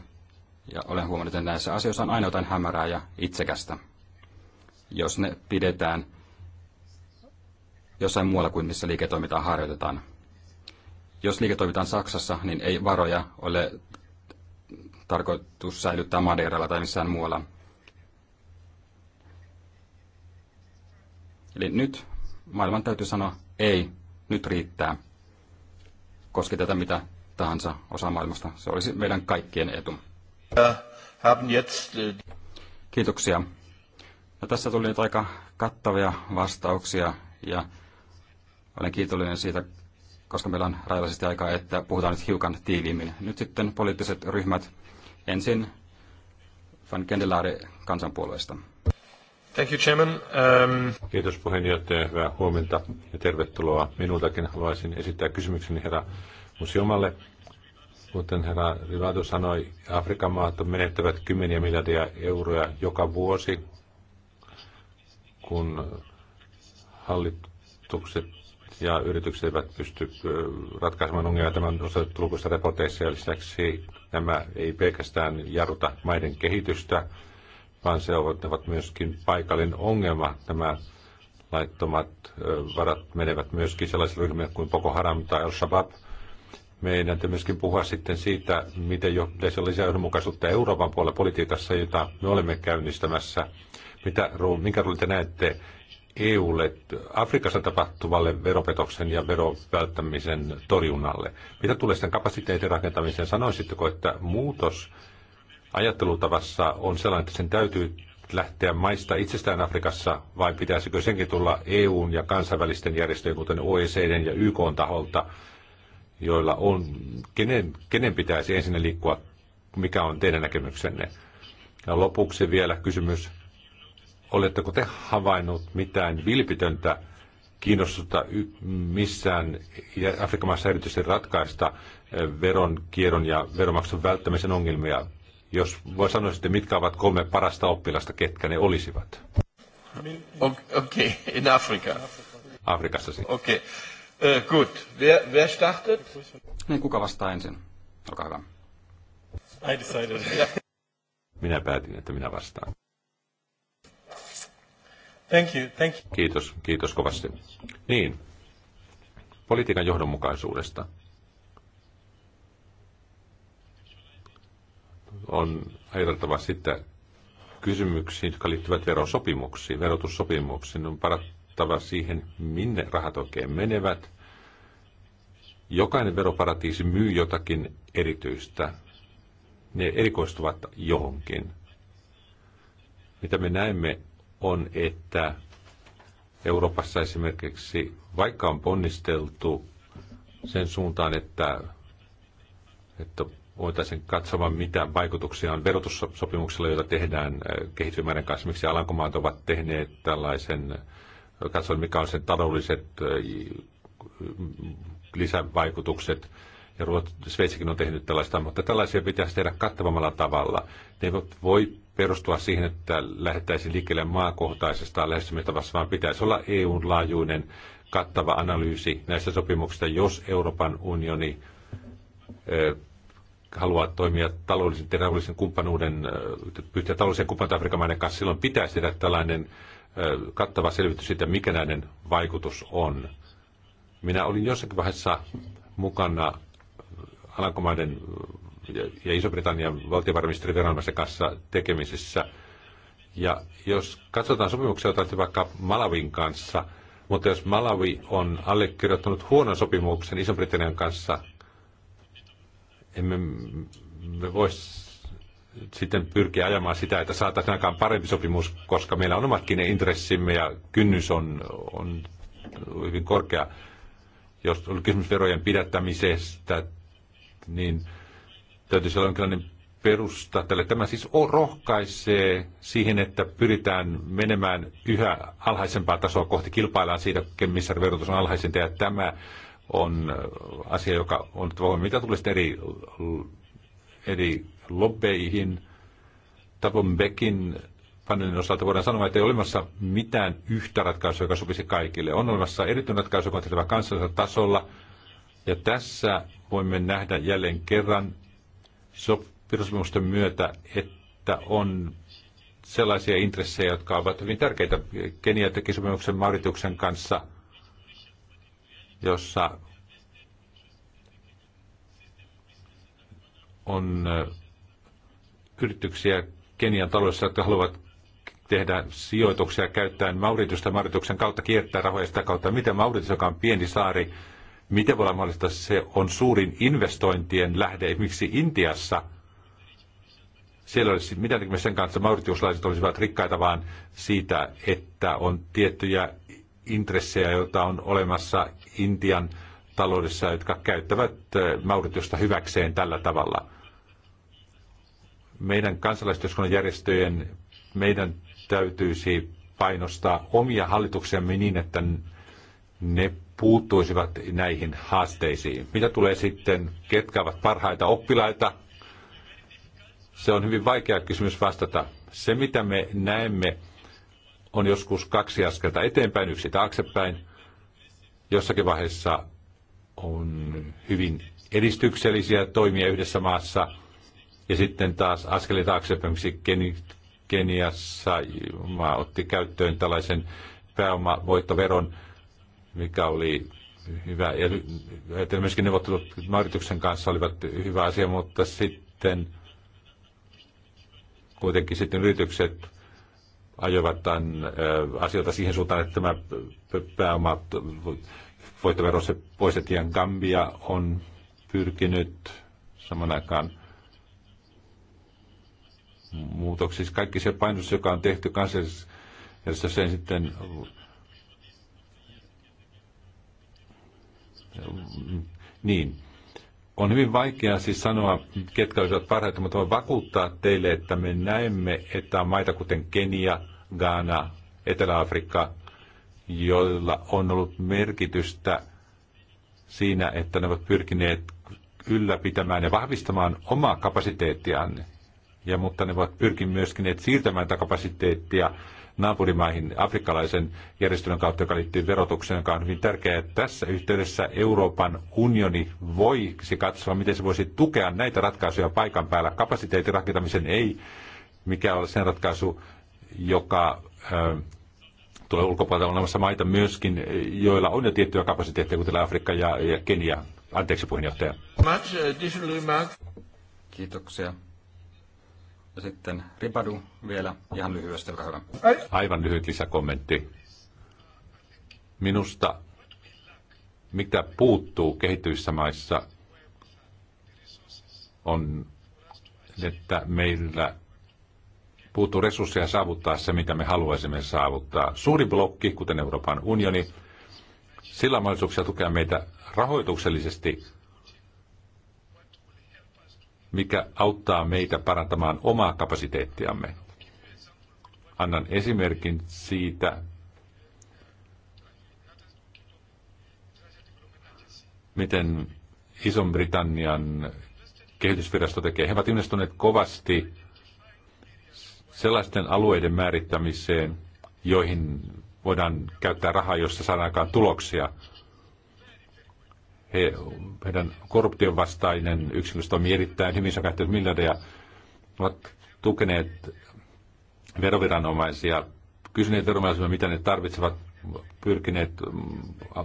ja olen huomannut, että näissä asioissa on aina jotain hämärää ja itsekästä, jos ne pidetään jossain muualla kuin missä liiketoimintaa harjoitetaan. Jos liiketoimitaan Saksassa, niin ei varoja ole tarkoitus säilyttää Madeiralla tai missään muualla. Eli nyt maailman täytyy sanoa ei nyt riittää. Koski tätä mitä tahansa osa maailmasta. Se olisi meidän kaikkien etu. Äh, Kiitoksia. Ja no, tässä tuli nyt aika kattavia vastauksia ja olen kiitollinen siitä, koska meillä on rajallisesti aikaa, että puhutaan nyt hiukan tiiviimmin. Nyt sitten poliittiset ryhmät. Ensin Van Kendelaari kansanpuolueesta. Thank you, Chairman. Um... Kiitos puheenjohtaja, hyvää huomenta ja tervetuloa. Minultakin haluaisin esittää kysymykseni herra Musiomalle. Kuten herra Rivado sanoi, Afrikan maat menettävät kymmeniä miljardia euroja joka vuosi, kun hallitukset ja yritykset eivät pysty ratkaisemaan ongelmia tämän osoitettu lukuista raporteissa. Ja lisäksi nämä ei pelkästään jarruta maiden kehitystä, vaan se ovat, myöskin paikallinen ongelma. Nämä laittomat varat menevät myöskin sellaisille ryhmille kuin Boko Haram tai Al-Shabaab. Meidän täytyy myöskin puhua sitten siitä, miten jo pitäisi olla lisää Euroopan puolella politiikassa, jota me olemme käynnistämässä. Mitä, minkä rooli te näette EUlle, Afrikassa tapahtuvalle veropetoksen ja verovälttämisen torjunnalle? Mitä tulee sitten kapasiteetin rakentamiseen? Sanoisitteko, että muutos ajattelutavassa on sellainen, että sen täytyy lähteä maista itsestään Afrikassa, vai pitäisikö senkin tulla EUn ja kansainvälisten järjestöjen, kuten OECDn ja YK taholta, joilla on, kenen, kenen pitäisi ensin liikkua, mikä on teidän näkemyksenne? Ja lopuksi vielä kysymys, oletteko te havainnut mitään vilpitöntä kiinnostusta missään Afrikan maassa erityisesti ratkaista eh, veronkierron ja veromaksun välttämisen ongelmia jos voi sanoa sitten, mitkä ovat kolme parasta oppilasta, ketkä ne olisivat? Okay, in Afrika. Afrikassa siis. Okei. Okay. Uh, good. Wer, wer startet? Niin, kuka vastaa ensin? Olkaa hyvä. I decided. minä päätin, että minä vastaan. Thank you, thank you. Kiitos, kiitos kovasti. Niin, politiikan johdonmukaisuudesta. on ajateltava sitten kysymyksiin, jotka liittyvät verosopimuksiin, verotussopimuksiin. On parattava siihen, minne rahat oikein menevät. Jokainen veroparatiisi myy jotakin erityistä. Ne erikoistuvat johonkin. Mitä me näemme on, että Euroopassa esimerkiksi, vaikka on ponnisteltu sen suuntaan, että, että voitaisiin katsoa, mitä vaikutuksia on verotussopimuksella, joita tehdään äh, kehitysmaiden kanssa. Miksi Alankomaat ovat tehneet tällaisen, äh, katsoin mikä on sen taloudelliset äh, lisävaikutukset, ja Ruotsi, Sveitsikin on tehnyt tällaista, mutta tällaisia pitäisi tehdä kattavammalla tavalla. Ne voi perustua siihen, että lähettäisiin liikkeelle maakohtaisesta lähestymistavassa, vaan pitäisi olla EUn laajuinen kattava analyysi näistä sopimuksista, jos Euroopan unioni haluaa toimia taloudellisen, taloudellisen kumppanuuden, pyytää taloudellisen kumppanuuden Afrikan maiden kanssa, silloin pitäisi tehdä tällainen kattava selvitys siitä, mikä näiden vaikutus on. Minä olin jossakin vaiheessa mukana Alankomaiden ja Iso-Britannian valtiovarainministeri kanssa tekemisissä. Ja jos katsotaan sopimuksia, joita vaikka Malavin kanssa, mutta jos Malawi on allekirjoittanut huonon sopimuksen Iso-Britannian kanssa, emme me voisi sitten pyrkiä ajamaan sitä, että saataisiin ainakaan parempi sopimus, koska meillä on omatkin ne intressimme ja kynnys on, on hyvin korkea. Jos on kysymys verojen pidättämisestä, niin täytyisi olla jonkinlainen perusta tälle. Tämä siis rohkaisee siihen, että pyritään menemään yhä alhaisempaa tasoa kohti, kilpaillaan siitä, missä verotus on alhaisinta, ja tämä on äh, asia, joka on, mitä tulee eri, eri lobbeihin, Tavon Beckin paneelin osalta voidaan sanoa, että ei ole olemassa mitään yhtä ratkaisua, joka sopisi kaikille. On olemassa erityinen ratkaisu, joka on tehtävä kansallisella tasolla. Ja tässä voimme nähdä jälleen kerran sopimusten myötä, että on sellaisia intressejä, jotka ovat hyvin tärkeitä. Kenia teki sopimuksen Mauritiuksen kanssa – jossa on yrityksiä Kenian taloudessa, jotka haluavat tehdä sijoituksia käyttäen Mauritusta Maurituksen kautta kiertää rahoja sitä kautta. Miten Mauritus, joka on pieni saari, miten voi olla mahdollista, se on suurin investointien lähde miksi Intiassa. Siellä olisi mitä me sen kanssa, mauritiuslaiset olisivat rikkaita, vaan siitä, että on tiettyjä intressejä, joita on olemassa Intian taloudessa, jotka käyttävät Mauritiusta hyväkseen tällä tavalla. Meidän kansalaistyöskunnan järjestöjen, meidän täytyisi painostaa omia hallituksiamme niin, että ne puuttuisivat näihin haasteisiin. Mitä tulee sitten, ketkä ovat parhaita oppilaita? Se on hyvin vaikea kysymys vastata. Se, mitä me näemme on joskus kaksi askelta eteenpäin, yksi taaksepäin. Jossakin vaiheessa on hyvin edistyksellisiä toimia yhdessä maassa ja sitten taas askeli taaksepäin, Keniassa maa otti käyttöön tällaisen pääomavoittoveron, mikä oli hyvä. Ja myöskin neuvottelut Mauritiuksen kanssa olivat hyvä asia, mutta sitten kuitenkin sitten yritykset ajoivat tämän asioita siihen suuntaan, että tämä pääoma voittovero se poistettiin ja Gambia on pyrkinyt saman aikaan muutoksissa. Siis kaikki se painos, joka on tehty kansallisessa, sen sitten niin, on hyvin vaikea siis sanoa, ketkä olisivat parhaita, mutta voin vakuuttaa teille, että me näemme, että on maita kuten Kenia, Ghana, Etelä-Afrikka, joilla on ollut merkitystä siinä, että ne ovat pyrkineet ylläpitämään ja vahvistamaan omaa kapasiteettiaan, ja mutta ne ovat pyrkineet myöskin siirtämään tätä kapasiteettia naapurimaihin afrikkalaisen järjestelyn kautta, joka liittyy verotukseen, joka on hyvin tärkeää. Tässä yhteydessä Euroopan unioni voisi katsoa, miten se voisi tukea näitä ratkaisuja paikan päällä. Kapasiteetin rakentamisen ei mikä ole sen ratkaisu, joka ö, tulee ulkopuolelta olemassa maita myöskin, joilla on jo tiettyä kapasiteettia, kuten Afrikka ja, ja Kenia. Anteeksi puheenjohtaja. Uh, Kiitoksia. Ja sitten Ribadu vielä ihan lyhyesti, olkaa hyvä. Aivan lyhyt lisäkommentti. Minusta mitä puuttuu kehittyvissä maissa on, että meillä puuttuu resursseja saavuttaa se, mitä me haluaisimme saavuttaa. Suuri blokki, kuten Euroopan unioni, sillä on mahdollisuuksia tukea meitä rahoituksellisesti mikä auttaa meitä parantamaan omaa kapasiteettiamme. Annan esimerkin siitä. miten iso britannian kehitysvirasto tekee. He ovat investoineet kovasti sellaisten alueiden määrittämiseen, joihin voidaan käyttää rahaa, jossa saadaan aikaan tuloksia. He, heidän korruption vastainen yksilöstä toimii erittäin hyvin, se on miljardeja, ovat tukeneet veroviranomaisia, kysyneet veroviranomaisia, mitä ne tarvitsevat, pyrkineet mm,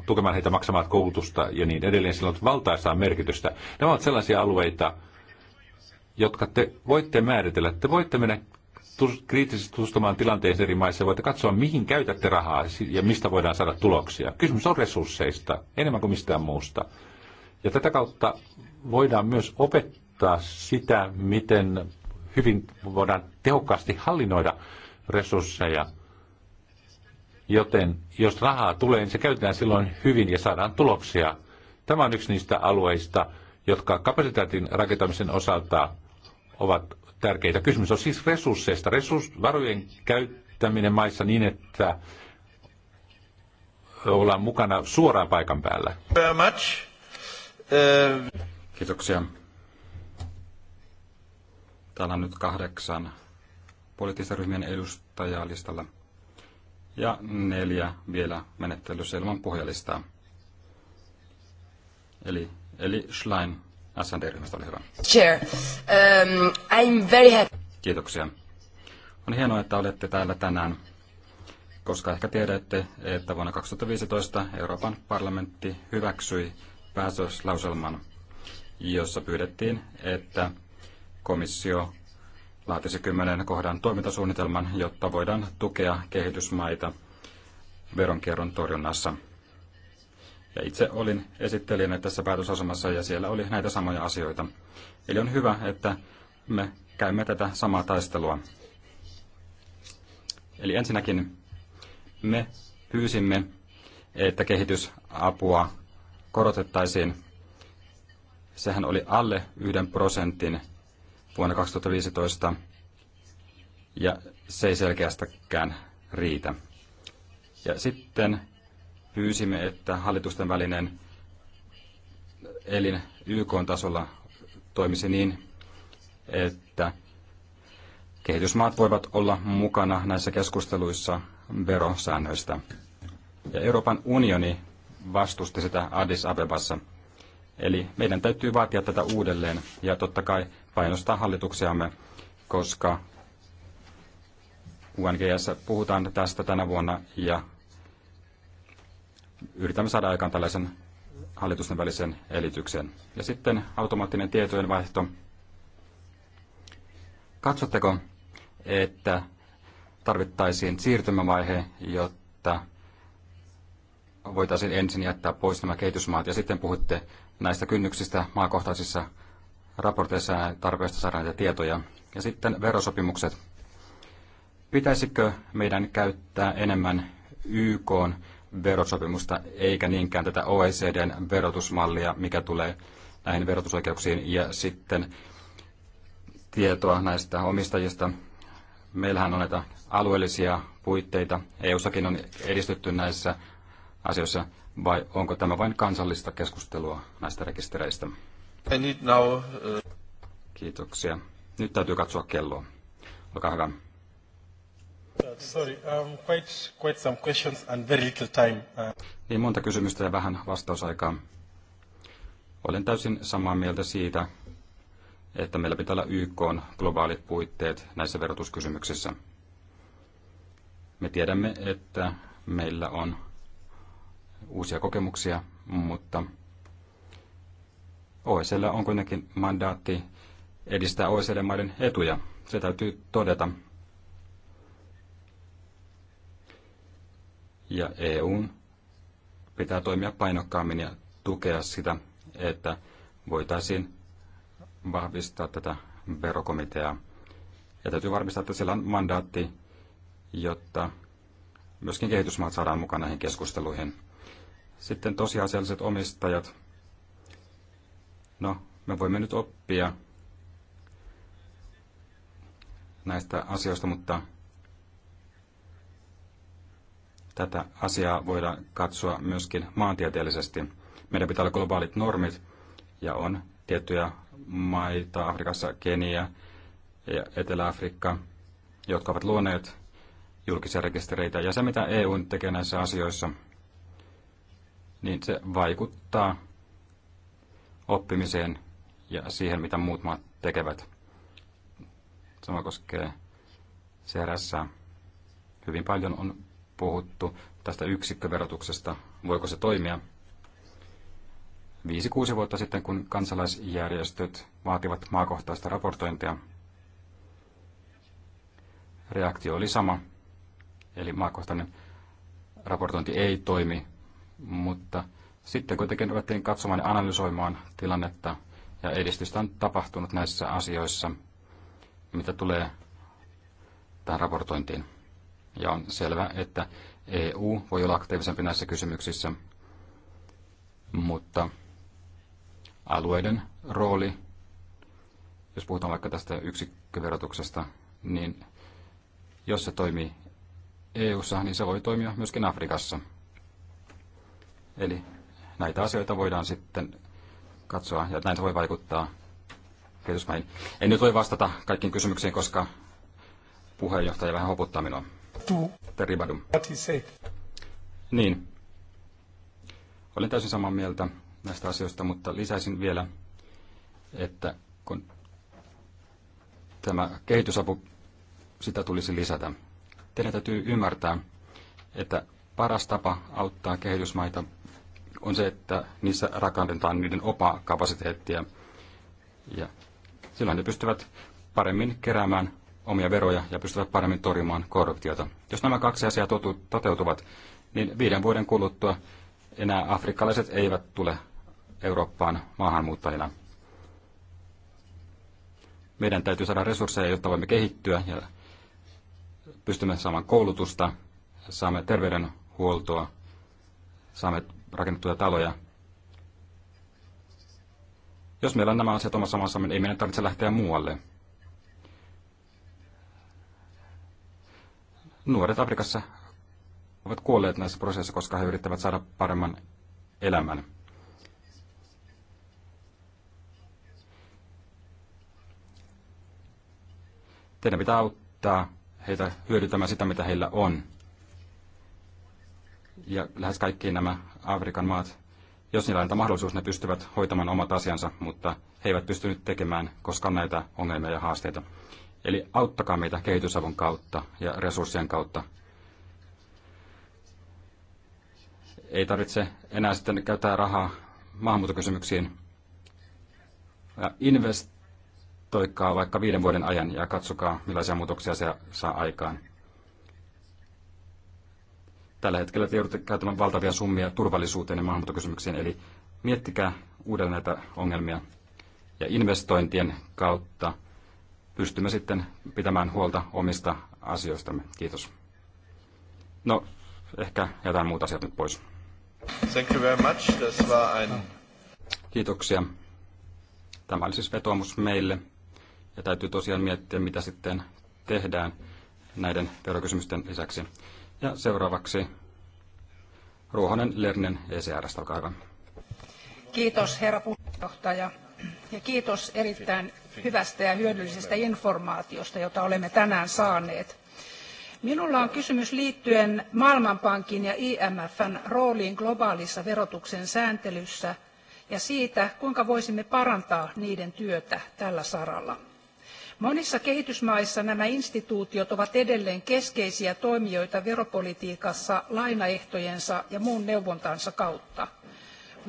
tukemaan heitä maksamaan koulutusta ja niin edelleen. Sillä on valtaisaa merkitystä. Nämä ovat sellaisia alueita, jotka te voitte määritellä. Te voitte mennä kriittisesti tutustumaan tilanteeseen eri maissa ja voitte katsoa, mihin käytätte rahaa ja mistä voidaan saada tuloksia. Kysymys on resursseista, enemmän kuin mistään muusta. Ja tätä kautta voidaan myös opettaa sitä, miten hyvin voidaan tehokkaasti hallinnoida resursseja. Joten jos rahaa tulee, niin se käytetään silloin hyvin ja saadaan tuloksia. Tämä on yksi niistä alueista, jotka kapasiteetin rakentamisen osalta ovat tärkeitä. Kysymys on siis resursseista, resurs, varojen käyttäminen maissa niin, että ollaan mukana suoraan paikan päällä. Very much. Uh... Kiitoksia. Täällä on nyt kahdeksan poliittisten ryhmien edustajaa listalla ja neljä vielä menettelyssä ilman pohjalistaa. Eli, eli Schlein SND-ryhmästä, oli hyvä. Chair, um, I'm very happy. Kiitoksia. On hienoa, että olette täällä tänään, koska ehkä tiedätte, että vuonna 2015 Euroopan parlamentti hyväksyi päätöslauselman, jossa pyydettiin, että komissio laatisi kymmenen kohdan toimintasuunnitelman, jotta voidaan tukea kehitysmaita veronkierron torjunnassa – ja itse olin esittelijänä tässä päätösasemassa ja siellä oli näitä samoja asioita. Eli on hyvä, että me käymme tätä samaa taistelua. Eli ensinnäkin me pyysimme, että kehitysapua korotettaisiin. Sehän oli alle yhden prosentin vuonna 2015 ja se ei selkeästäkään riitä. Ja sitten pyysimme, että hallitusten välinen elin YK-tasolla toimisi niin, että kehitysmaat voivat olla mukana näissä keskusteluissa verosäännöistä. Ja Euroopan unioni vastusti sitä Addis Abebassa. Eli meidän täytyy vaatia tätä uudelleen ja totta kai painostaa hallituksiamme, koska UNGS puhutaan tästä tänä vuonna ja yritämme saada aikaan tällaisen hallitusten välisen elityksen. Ja sitten automaattinen tietojenvaihto. Katsotteko, että tarvittaisiin siirtymävaihe, jotta voitaisiin ensin jättää pois nämä kehitysmaat, ja sitten puhutte näistä kynnyksistä maakohtaisissa raporteissa ja tarpeesta saada näitä tietoja. Ja sitten verosopimukset. Pitäisikö meidän käyttää enemmän YK verosopimusta eikä niinkään tätä OECDn verotusmallia, mikä tulee näihin verotusoikeuksiin ja sitten tietoa näistä omistajista. Meillähän on näitä alueellisia puitteita. EU-sakin on edistytty näissä asioissa, vai onko tämä vain kansallista keskustelua näistä rekistereistä? Kiitoksia. Nyt täytyy katsoa kelloa. Olkaa hyvä. Um, quite, quite some questions and very little time. Uh. Niin monta kysymystä ja vähän vastausaikaa. Olen täysin samaa mieltä siitä, että meillä pitää olla YK on globaalit puitteet näissä verotuskysymyksissä. Me tiedämme, että meillä on uusia kokemuksia, mutta OECDllä on kuitenkin mandaatti edistää OECD-maiden etuja. Se täytyy todeta, ja EUn pitää toimia painokkaammin ja tukea sitä, että voitaisiin vahvistaa tätä verokomiteaa. Ja täytyy varmistaa, että siellä on mandaatti, jotta myöskin kehitysmaat saadaan mukaan näihin keskusteluihin. Sitten tosiasialliset omistajat. No, me voimme nyt oppia näistä asioista, mutta Tätä asiaa voidaan katsoa myöskin maantieteellisesti. Meidän pitää olla globaalit normit ja on tiettyjä maita Afrikassa, Kenia ja Etelä-Afrikka, jotka ovat luoneet julkisia rekistereitä. Ja se, mitä EU tekee näissä asioissa, niin se vaikuttaa oppimiseen ja siihen, mitä muut maat tekevät. Sama koskee CRS. Hyvin paljon on puhuttu tästä yksikköverotuksesta, voiko se toimia. Viisi, kuusi vuotta sitten, kun kansalaisjärjestöt vaativat maakohtaista raportointia, reaktio oli sama, eli maakohtainen raportointi ei toimi, mutta sitten kuitenkin ruvettiin katsomaan ja analysoimaan tilannetta, ja edistystä on tapahtunut näissä asioissa, mitä tulee tähän raportointiin. Ja on selvä, että EU voi olla aktiivisempi näissä kysymyksissä, mutta alueiden rooli, jos puhutaan vaikka tästä yksikköverotuksesta, niin jos se toimii EU:ssa, niin se voi toimia myöskin Afrikassa. Eli näitä asioita voidaan sitten katsoa, ja näitä voi vaikuttaa kehitysmaihin. En nyt voi vastata kaikkiin kysymyksiin, koska puheenjohtaja vähän hoputtaa minua to Peribadum. what he said. Niin. Olen täysin samaa mieltä näistä asioista, mutta lisäisin vielä, että kun tämä kehitysapu, sitä tulisi lisätä. Teidän täytyy ymmärtää, että paras tapa auttaa kehitysmaita on se, että niissä rakennetaan niiden opaa kapasiteettia. Ja silloin ne pystyvät paremmin keräämään omia veroja ja pystyvät paremmin torjumaan korruptiota. Jos nämä kaksi asiaa toteutuvat, niin viiden vuoden kuluttua enää afrikkalaiset eivät tule Eurooppaan maahanmuuttajina. Meidän täytyy saada resursseja, jotta voimme kehittyä ja pystymme saamaan koulutusta, saamme terveydenhuoltoa, saamme rakennettuja taloja. Jos meillä on nämä asiat omassa maassamme, niin ei meidän tarvitse lähteä muualle – nuoret Afrikassa ovat kuolleet näissä prosesseissa, koska he yrittävät saada paremman elämän. Teidän pitää auttaa heitä hyödyntämään sitä, mitä heillä on. Ja lähes kaikki nämä Afrikan maat, jos niillä on mahdollisuus, ne pystyvät hoitamaan omat asiansa, mutta he eivät pysty tekemään, koska näitä ongelmia ja haasteita. Eli auttakaa meitä kehitysavun kautta ja resurssien kautta. Ei tarvitse enää sitten käyttää rahaa maahanmuuttokysymyksiin. Investoikaa vaikka viiden vuoden ajan ja katsokaa, millaisia muutoksia se saa aikaan. Tällä hetkellä te joudutte käyttämään valtavia summia turvallisuuteen ja maahanmuuttokysymyksiin, eli miettikää uudelleen näitä ongelmia. Ja investointien kautta pystymme sitten pitämään huolta omista asioistamme. Kiitos. No, ehkä jätän muut asiat nyt pois. Thank you very much. Das war ein... Kiitoksia. Tämä oli siis vetoomus meille. Ja täytyy tosiaan miettiä, mitä sitten tehdään näiden verokysymysten lisäksi. Ja seuraavaksi Ruohonen Lernen ECRstä, olkaa hyvä. Kiitos herra puheenjohtaja ja kiitos erittäin hyvästä ja hyödyllisestä informaatiosta, jota olemme tänään saaneet. Minulla on kysymys liittyen Maailmanpankin ja IMFn rooliin globaalissa verotuksen sääntelyssä ja siitä, kuinka voisimme parantaa niiden työtä tällä saralla. Monissa kehitysmaissa nämä instituutiot ovat edelleen keskeisiä toimijoita veropolitiikassa lainaehtojensa ja muun neuvontansa kautta.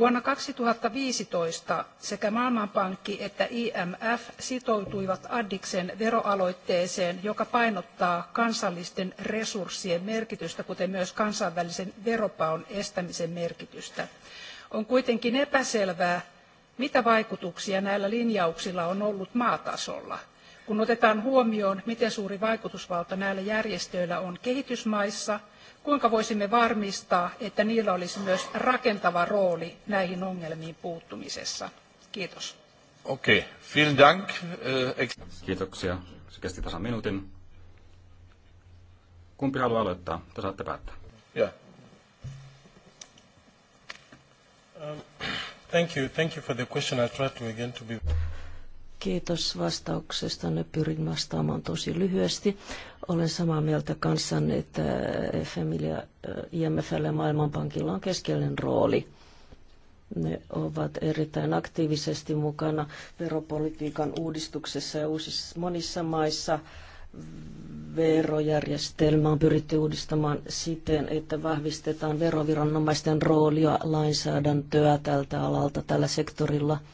Vuonna 2015 sekä Maailmanpankki että IMF sitoutuivat Addiksen veroaloitteeseen, joka painottaa kansallisten resurssien merkitystä, kuten myös kansainvälisen veropaon estämisen merkitystä. On kuitenkin epäselvää, mitä vaikutuksia näillä linjauksilla on ollut maatasolla kun otetaan huomioon, miten suuri vaikutusvalta näillä järjestöillä on kehitysmaissa, kuinka voisimme varmistaa, että niillä olisi myös rakentava rooli näihin ongelmiin puuttumisessa. Kiitos. Okei, okay. vielen dank. Äh, Kiitoksia. Se kesti tasan minuutin. Kumpi haluaa aloittaa? Te saatte päättää. Yeah. Um, thank you. Thank you for the question. I try to again to be... Kiitos vastauksesta. Ne pyrin vastaamaan tosi lyhyesti. Olen samaa mieltä kanssanne, että FML ja äh, IMFL ja Maailmanpankilla on keskeinen rooli. Ne ovat erittäin aktiivisesti mukana veropolitiikan uudistuksessa ja uusissa monissa maissa verojärjestelmä on pyritty uudistamaan siten, että vahvistetaan veroviranomaisten roolia lainsäädäntöä tältä alalta tällä sektorilla –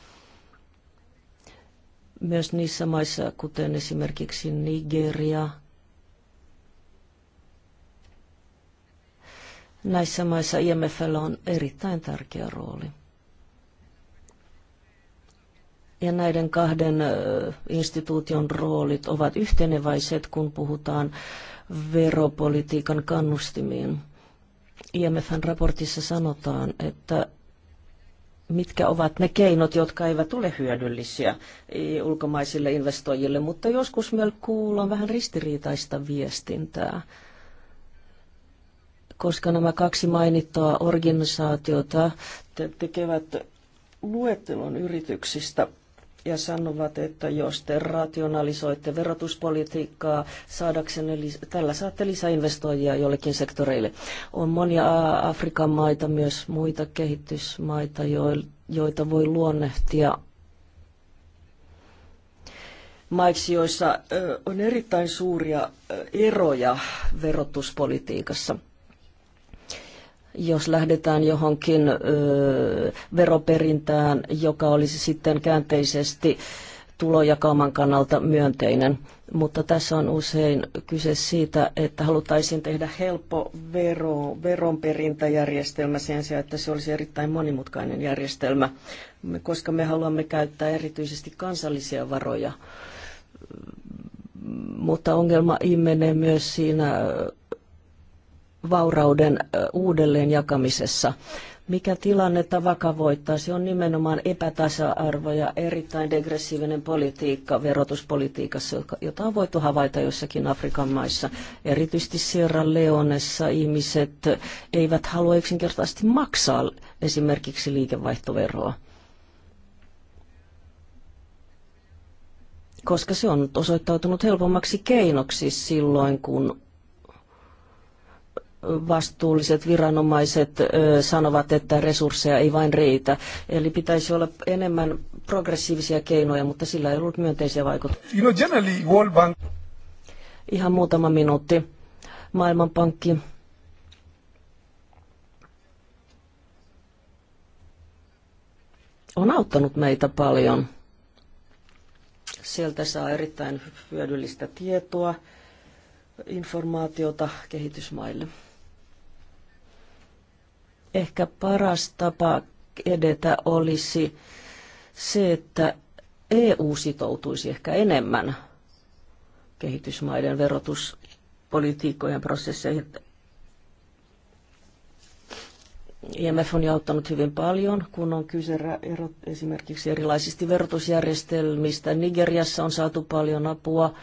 myös niissä maissa, kuten esimerkiksi Nigeria. Näissä maissa IMFllä on erittäin tärkeä rooli. Ja näiden kahden instituution roolit ovat yhteneväiset, kun puhutaan veropolitiikan kannustimiin. IMFn raportissa sanotaan, että mitkä ovat ne keinot, jotka eivät ole hyödyllisiä ulkomaisille investoijille, mutta joskus myös kuullaan vähän ristiriitaista viestintää. Koska nämä kaksi mainittua organisaatiota tekevät luettelon yrityksistä, ja sanovat, että jos te rationalisoitte verotuspolitiikkaa saadaksenne, tällä saatte lisäinvestoijia jollekin sektoreille. On monia Afrikan maita, myös muita kehitysmaita, joita voi luonnehtia maiksi, joissa on erittäin suuria eroja verotuspolitiikassa – jos lähdetään johonkin ö, veroperintään, joka olisi sitten käänteisesti tulojakauman kannalta myönteinen. Mutta tässä on usein kyse siitä, että halutaisiin tehdä helppo vero, veronperintäjärjestelmä sen sijaan, että se olisi erittäin monimutkainen järjestelmä, koska me haluamme käyttää erityisesti kansallisia varoja. Mutta ongelma imenee myös siinä vaurauden uudelleen jakamisessa. Mikä tilannetta vakavoittaa? Se on nimenomaan epätasa-arvo ja erittäin degressiivinen politiikka verotuspolitiikassa, jota on voitu havaita jossakin Afrikan maissa. Erityisesti Sierra Leonessa ihmiset eivät halua yksinkertaisesti maksaa esimerkiksi liikevaihtoveroa. koska se on osoittautunut helpommaksi keinoksi silloin, kun vastuulliset viranomaiset sanovat, että resursseja ei vain riitä. Eli pitäisi olla enemmän progressiivisia keinoja, mutta sillä ei ollut myönteisiä vaikutuksia. You know, Ihan muutama minuutti. Maailmanpankki on auttanut meitä paljon. Sieltä saa erittäin hyödyllistä tietoa, informaatiota kehitysmaille. Ehkä paras tapa edetä olisi se, että EU sitoutuisi ehkä enemmän kehitysmaiden verotuspolitiikkojen prosesseihin. IMF on auttanut hyvin paljon, kun on kyse esimerkiksi erilaisista verotusjärjestelmistä. Nigeriassa on saatu paljon apua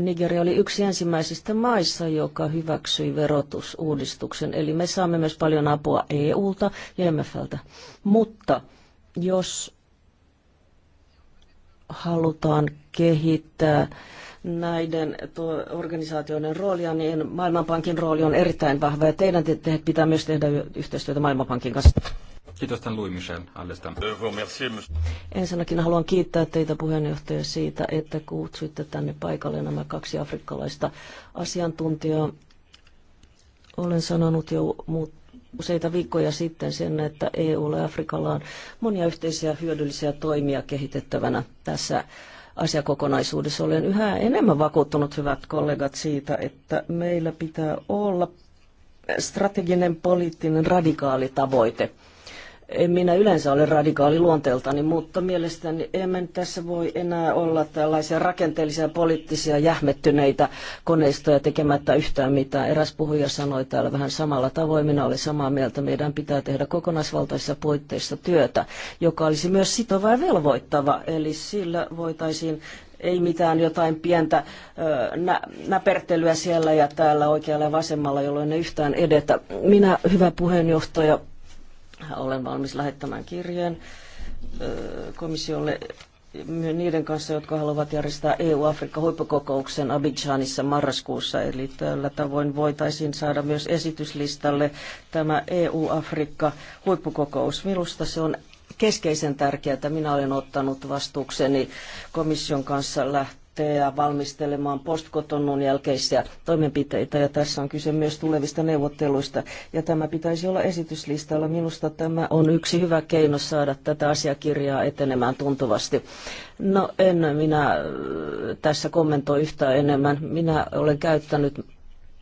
Nigeria oli yksi ensimmäisistä maissa, joka hyväksyi verotusuudistuksen. Eli me saamme myös paljon apua EUlta ja MFltä. Mutta jos halutaan kehittää näiden organisaatioiden roolia, niin Maailmanpankin rooli on erittäin vahva ja teidän pitää myös tehdä yhteistyötä Maailmanpankin kanssa. Kiitos tämän Louis Michel Allesta. Ensinnäkin haluan kiittää teitä puheenjohtaja siitä, että kutsuitte tänne paikalle nämä kaksi afrikkalaista asiantuntijaa. Olen sanonut jo useita viikkoja sitten sen, että EUlla ja Afrikalla on monia yhteisiä hyödyllisiä toimia kehitettävänä tässä asiakokonaisuudessa. Olen yhä enemmän vakuuttunut, hyvät kollegat, siitä, että meillä pitää olla strateginen poliittinen radikaali tavoite en minä yleensä ole radikaali luonteeltani, mutta mielestäni emme tässä voi enää olla tällaisia rakenteellisia poliittisia jähmettyneitä koneistoja tekemättä yhtään mitään. Eräs puhuja sanoi täällä vähän samalla tavoin, minä olen samaa mieltä, meidän pitää tehdä kokonaisvaltaisissa puitteissa työtä, joka olisi myös sitova ja velvoittava, eli sillä voitaisiin ei mitään jotain pientä ö, nä, näpertelyä siellä ja täällä oikealla ja vasemmalla, jolloin ei yhtään edetä. Minä, hyvä puheenjohtaja, olen valmis lähettämään kirjeen komissiolle niiden kanssa, jotka haluavat järjestää EU-Afrikka-huippukokouksen Abidjanissa marraskuussa. Eli tällä tavoin voitaisiin saada myös esityslistalle tämä EU-Afrikka-huippukokous. Minusta se on keskeisen tärkeää, että minä olen ottanut vastuukseni komission kanssa lähteä lähteä valmistelemaan postkotonnon jälkeisiä toimenpiteitä ja tässä on kyse myös tulevista neuvotteluista ja tämä pitäisi olla esityslistalla. Minusta tämä on yksi hyvä keino saada tätä asiakirjaa etenemään tuntuvasti. No en minä tässä kommentoi yhtään enemmän. Minä olen käyttänyt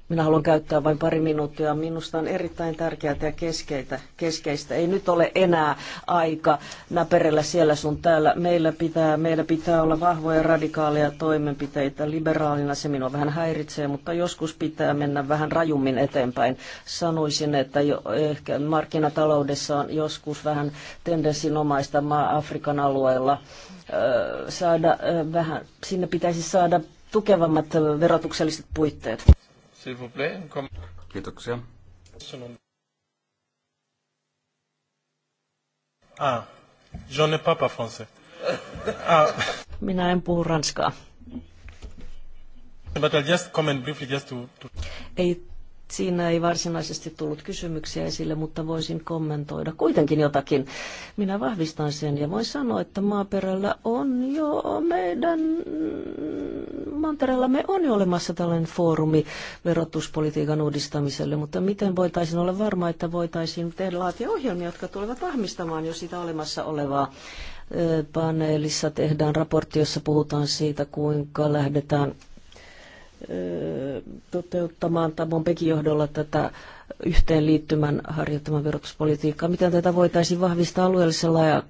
minä haluan käyttää vain pari minuuttia. Minusta on erittäin tärkeää ja keskeitä, keskeistä. Ei nyt ole enää aika näperellä siellä sun täällä. Meillä pitää, meillä pitää olla vahvoja radikaaleja toimenpiteitä. Liberaalina se minua vähän häiritsee, mutta joskus pitää mennä vähän rajummin eteenpäin. Sanoisin, että jo, ehkä markkinataloudessa on joskus vähän tendenssinomaista maa Afrikan alueella saada vähän, sinne pitäisi saada tukevammat verotukselliset puitteet. S'il vous plaît. Kiitoksia. Ah, je ne parle pas français. Ah. Minä en puhu ranskaa. But I'll just comment briefly just to, to... Ei, siinä ei varsinaisesti tullut kysymyksiä esille, mutta voisin kommentoida kuitenkin jotakin. Minä vahvistan sen ja voin sanoa, että maaperällä on jo meidän me on jo olemassa tällainen foorumi verotuspolitiikan uudistamiselle, mutta miten voitaisiin olla varma, että voitaisiin tehdä laatia ohjelmia, jotka tulevat vahvistamaan jo sitä olemassa olevaa paneelissa tehdään raportti, jossa puhutaan siitä, kuinka lähdetään toteuttamaan Tamon Pekin johdolla tätä yhteenliittymän harjoittaman verotuspolitiikkaa. Miten tätä voitaisiin vahvistaa alueellisella ja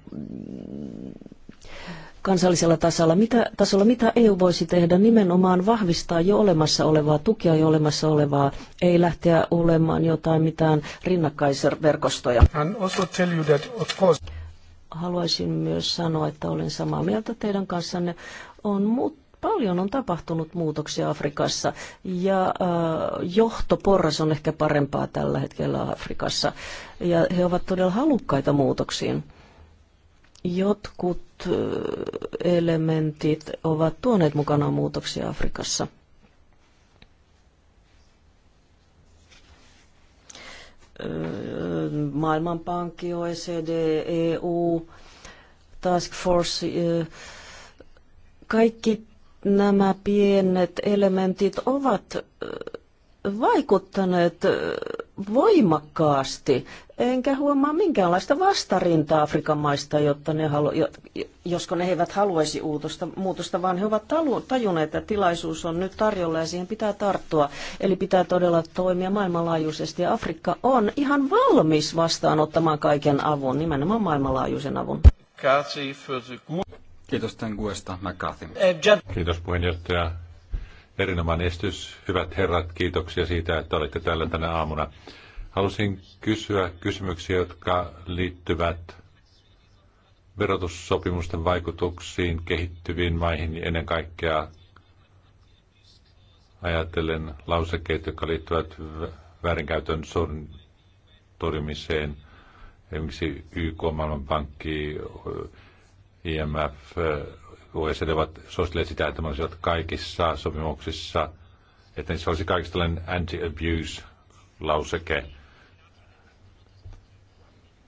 kansallisella tasolla. Mitä, tasolla, mitä EU voisi tehdä nimenomaan vahvistaa jo olemassa olevaa, tukea jo olemassa olevaa, ei lähteä olemaan jotain mitään rinnakkaisverkostoja. Haluaisin myös sanoa, että olen samaa mieltä teidän kanssanne. On, paljon on tapahtunut muutoksia Afrikassa ja äh, johtoporras on ehkä parempaa tällä hetkellä Afrikassa ja he ovat todella halukkaita muutoksiin. Jotkut elementit ovat tuoneet mukanaan muutoksia Afrikassa. Maailmanpankki, OECD, EU, Task Force, kaikki nämä pienet elementit ovat vaikuttaneet voimakkaasti, enkä huomaa minkäänlaista vastarintaa Afrikan maista, jotta ne halu, josko ne eivät haluaisi uutosta, muutosta, vaan he ovat tajuneet, että tilaisuus on nyt tarjolla ja siihen pitää tarttua. Eli pitää todella toimia maailmanlaajuisesti ja Afrikka on ihan valmis vastaanottamaan kaiken avun, nimenomaan maailmanlaajuisen avun. Kiitos tämän kuesta, McCarthy. Eh, Kiitos puheenjohtaja Erinomainen estys Hyvät herrat, kiitoksia siitä, että olette täällä tänä aamuna. Halusin kysyä kysymyksiä, jotka liittyvät verotussopimusten vaikutuksiin kehittyviin maihin ennen kaikkea ajatellen lausekkeita, jotka liittyvät väärinkäytön torjumiseen, esimerkiksi YK, Maailmanpankki, IMF, OECD ovat suositelleet sitä, että olisivat kaikissa sopimuksissa, että niissä olisi kaikista tällainen anti-abuse-lauseke.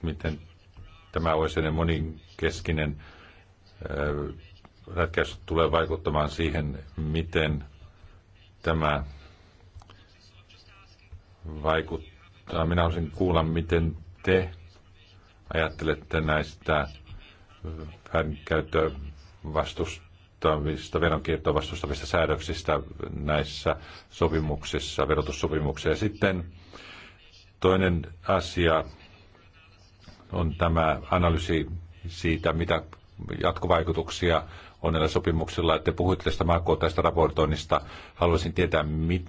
Miten tämä OECD moninkeskinen ratkaisu tulee vaikuttamaan siihen, miten tämä vaikuttaa. Minä haluaisin kuulla, miten te ajattelette näistä väärinkäyttöä vastustavista, veronkiertoa vastustavista säädöksistä näissä sopimuksissa, verotussopimuksissa. Ja sitten toinen asia on tämä analyysi siitä, mitä jatkovaikutuksia on näillä sopimuksilla. Että puhuitte tästä maakohtaisesta raportoinnista. Haluaisin tietää,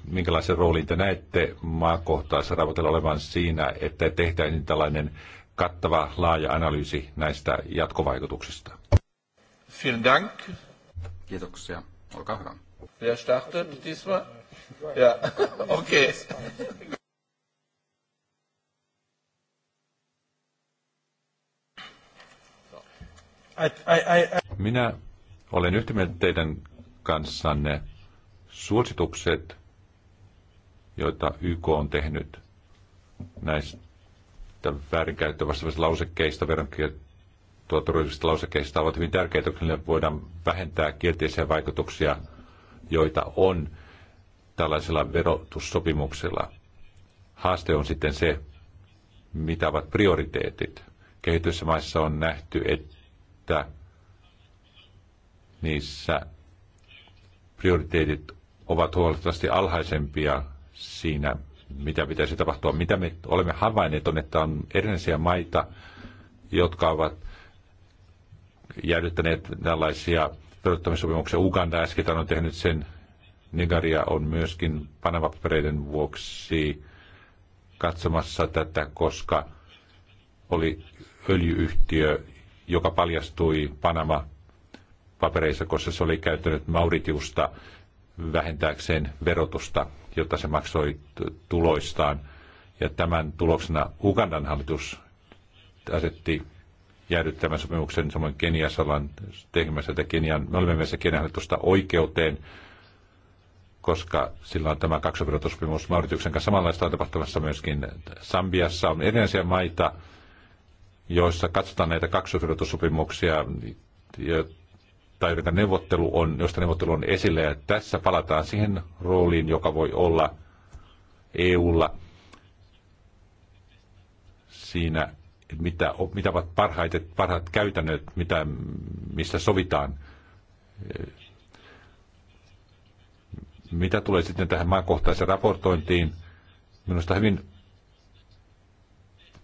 minkälaisen roolin te näette maakohtaisessa raportilla olevan siinä, että tehtäisiin tällainen kattava, laaja analyysi näistä jatkovaikutuksista. Vielen Dank. Kiitoksia. Olkaa hyvä. Wer startet diesmal? Ja, okay. Minä olen yhtä mieltä teidän kanssanne suositukset, joita YK on tehnyt näistä väärinkäyttövastaavista lausekkeista, verrankirjoittajista tuo turvallisista lausekkeista ovat hyvin tärkeitä, koska voidaan vähentää kielteisiä vaikutuksia, joita on tällaisella verotussopimuksella. Haaste on sitten se, mitä ovat prioriteetit. Kehityssä maissa on nähty, että niissä prioriteetit ovat huolestavasti alhaisempia siinä, mitä pitäisi tapahtua. Mitä me olemme havainneet on, että on erinäisiä maita, jotka ovat jäädyttäneet tällaisia perustamissopimuksia. Uganda äsken on tehnyt sen. Nigeria on myöskin panavapapereiden vuoksi katsomassa tätä, koska oli öljyyhtiö, joka paljastui Panama papereissa, koska se oli käyttänyt Mauritiusta vähentääkseen verotusta, jota se maksoi tuloistaan. Ja tämän tuloksena Ugandan hallitus asetti jäädyttämän sopimuksen, samoin Keniassa ollaan tekemässä tätä Kenian, me olemme mielessä Kenian hallitusta oikeuteen, koska sillä on tämä kaksoverotussopimus Mauritiuksen kanssa. Samanlaista on tapahtumassa myöskin Sambiassa. On erilaisia maita, joissa katsotaan näitä kaksoverotussopimuksia, tai joita neuvottelu on, joista neuvottelu on esillä, ja tässä palataan siihen rooliin, joka voi olla EUlla siinä, mitä, mitä ovat parhaat, parhaat käytännöt, mitä, mistä sovitaan. Mitä tulee sitten tähän maankohtaiseen raportointiin, minusta hyvin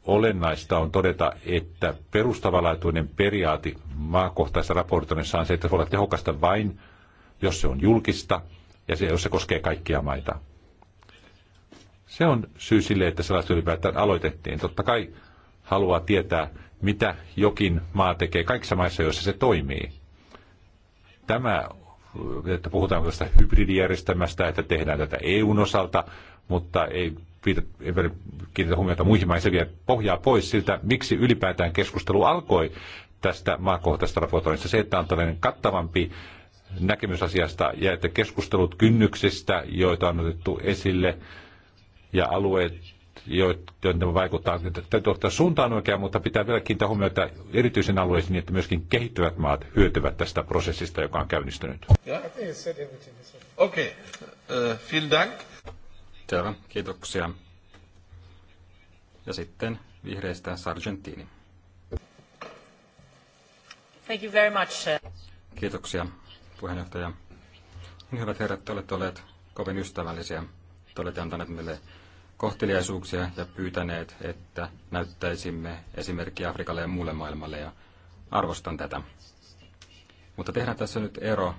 olennaista on todeta, että perustavanlaatuinen periaate maakohtaisessa raportoinnissa on se, että se voi olla tehokasta vain, jos se on julkista ja se, jos se koskee kaikkia maita. Se on syy sille, että sellaista ylipäätään aloitettiin. Totta kai haluaa tietää, mitä jokin maa tekee kaikissa maissa, joissa se toimii. Tämä, että puhutaan tästä hybridijärjestelmästä, että tehdään tätä EUn osalta, mutta ei kiinnitä huomiota muihin maihin, se vie pohjaa pois siltä, miksi ylipäätään keskustelu alkoi tästä maakohtaisesta raportoinnista. Se, että on tällainen kattavampi näkemys asiasta ja että keskustelut kynnyksistä, joita on otettu esille, ja alueet, joiden vaikuttaa, täytyy ottaa suuntaan oikein, mutta pitää vielä kiinnittää huomiota erityisen alueisiin, niin että myöskin kehittyvät maat hyötyvät tästä prosessista, joka on käynnistynyt. Okei, okay. uh, vielen dank. kiitoksia. Ja sitten vihreistä Sargentini. Thank you very much. Kiitoksia, puheenjohtaja. Hyvät herrat, te olette olleet kovin ystävällisiä. Te olette antaneet meille kohteliaisuuksia ja pyytäneet, että näyttäisimme esimerkkiä Afrikalle ja muulle maailmalle ja arvostan tätä. Mutta tehdään tässä nyt ero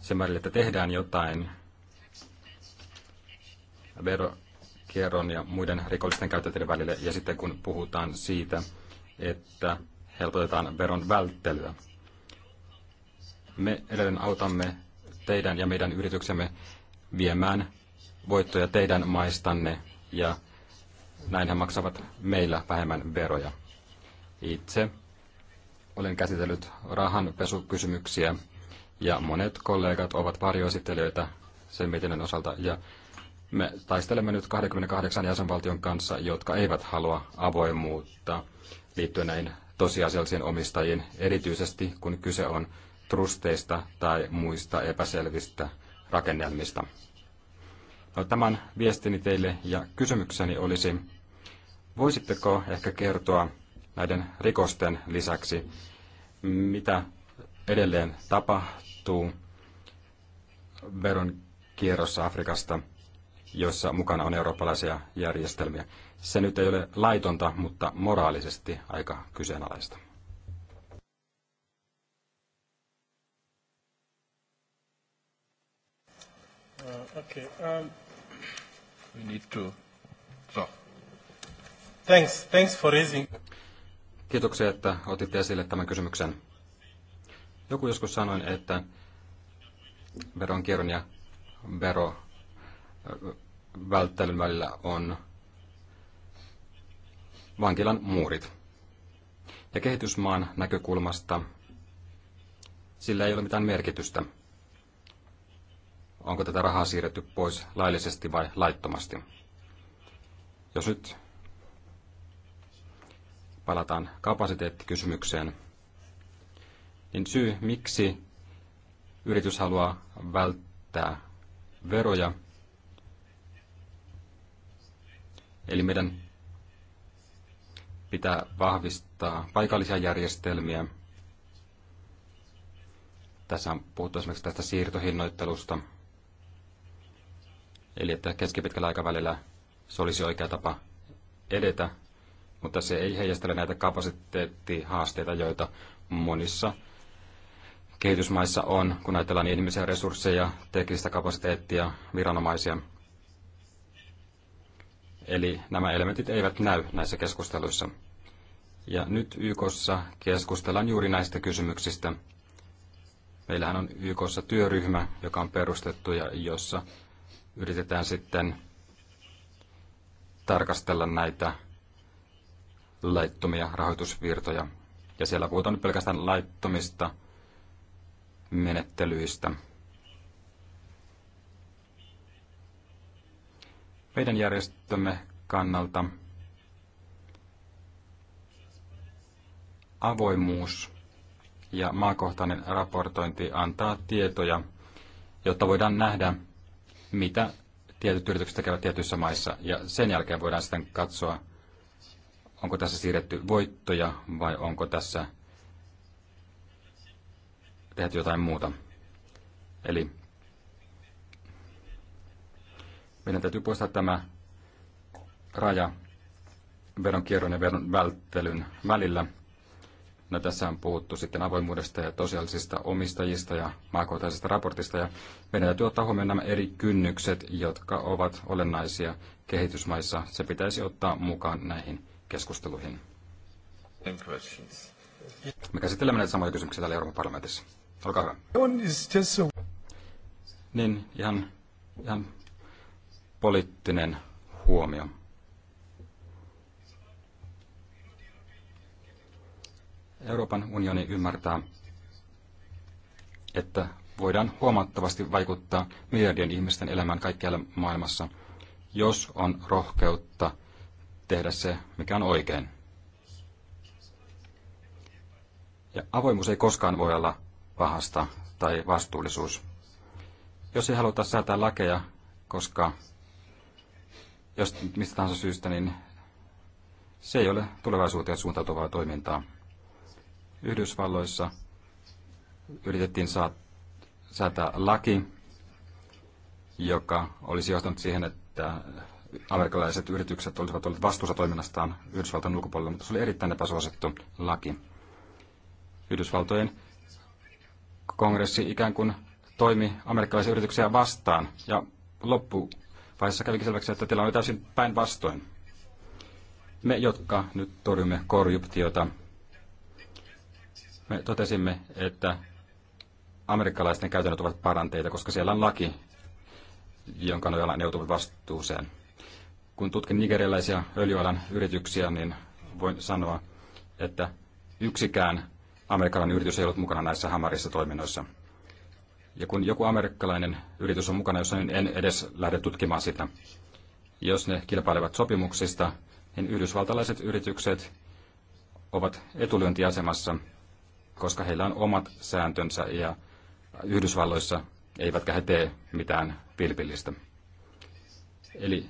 sen määrin, että tehdään jotain verokierron ja muiden rikollisten käytäntöjen välille ja sitten kun puhutaan siitä, että helpotetaan veron välttelyä. Me edelleen autamme teidän ja meidän yrityksemme viemään voittoja teidän maistanne ja näin he maksavat meillä vähemmän veroja. Itse olen käsitellyt rahanpesukysymyksiä ja monet kollegat ovat varjoesittelijöitä sen mietinnön osalta ja me taistelemme nyt 28 jäsenvaltion kanssa, jotka eivät halua avoimuutta liittyen näin tosiasiallisiin omistajiin, erityisesti kun kyse on trusteista tai muista epäselvistä rakennelmista. No, tämän viestini teille ja kysymykseni olisi, voisitteko ehkä kertoa näiden rikosten lisäksi, mitä edelleen tapahtuu veron kierrossa Afrikasta, jossa mukana on eurooppalaisia järjestelmiä. Se nyt ei ole laitonta, mutta moraalisesti aika kyseenalaista. Uh, okay. Um, we need to. So. Thanks. Thanks for raising. Kiitoksia, että otitte esille tämän kysymyksen. Joku joskus sanoi, että veronkierron ja välttelyn välillä on vankilan muurit. Ja kehitysmaan näkökulmasta sillä ei ole mitään merkitystä – onko tätä rahaa siirretty pois laillisesti vai laittomasti. Jos nyt palataan kapasiteettikysymykseen, niin syy miksi yritys haluaa välttää veroja, eli meidän pitää vahvistaa paikallisia järjestelmiä. Tässä on puhuttu esimerkiksi tästä siirtohinnoittelusta – Eli että keskipitkällä aikavälillä se olisi oikea tapa edetä, mutta se ei heijastele näitä kapasiteettihaasteita, joita monissa kehitysmaissa on, kun ajatellaan niin ihmisiä, resursseja, teknistä kapasiteettia, viranomaisia. Eli nämä elementit eivät näy näissä keskusteluissa. Ja nyt YKssa keskustellaan juuri näistä kysymyksistä. Meillähän on YKssa työryhmä, joka on perustettu ja jossa yritetään sitten tarkastella näitä laittomia rahoitusvirtoja. Ja siellä puhutaan nyt pelkästään laittomista menettelyistä. Meidän järjestömme kannalta avoimuus ja maakohtainen raportointi antaa tietoja, jotta voidaan nähdä, mitä tietyt yritykset tekevät tietyissä maissa. Ja sen jälkeen voidaan sitten katsoa, onko tässä siirretty voittoja vai onko tässä tehty jotain muuta. Eli meidän täytyy poistaa tämä raja veronkierron ja veron välttelyn välillä – No tässä on puhuttu sitten avoimuudesta ja tosiaalisista omistajista ja maakohtaisesta raportista. Ja meidän täytyy ottaa huomioon nämä eri kynnykset, jotka ovat olennaisia kehitysmaissa. Se pitäisi ottaa mukaan näihin keskusteluihin. Me käsittelemme näitä samoja kysymyksiä täällä Euroopan parlamentissa. Olkaa hyvä. Niin, ihan, ihan poliittinen huomio. Euroopan unioni ymmärtää, että voidaan huomattavasti vaikuttaa miljardien ihmisten elämään kaikkialla maailmassa, jos on rohkeutta tehdä se, mikä on oikein. Ja avoimuus ei koskaan voi olla pahasta tai vastuullisuus. Jos ei haluta säätää lakeja, koska jos mistä tahansa syystä, niin se ei ole tulevaisuuteen suuntautuvaa toimintaa. Yhdysvalloissa yritettiin saa, säätää laki, joka olisi johtanut siihen, että amerikkalaiset yritykset olisivat olleet vastuussa toiminnastaan Yhdysvaltain ulkopuolella, mutta se oli erittäin epäsuosittu laki. Yhdysvaltojen kongressi ikään kuin toimi amerikkalaisia yrityksiä vastaan, ja loppuvaiheessa kävikin selväksi, että tilanne oli täysin päinvastoin. Me, jotka nyt torjumme korruptiota, me totesimme, että amerikkalaisten käytännöt ovat paranteita, koska siellä on laki, jonka nojalla ne joutuvat vastuuseen. Kun tutkin nigerialaisia öljyalan yrityksiä, niin voin sanoa, että yksikään amerikkalainen yritys ei ollut mukana näissä hamarissa toiminnoissa. Ja kun joku amerikkalainen yritys on mukana jossa niin en edes lähde tutkimaan sitä. Jos ne kilpailevat sopimuksista, niin yhdysvaltalaiset yritykset ovat etulyöntiasemassa koska heillä on omat sääntönsä ja Yhdysvalloissa eivätkä he tee mitään vilpillistä. Eli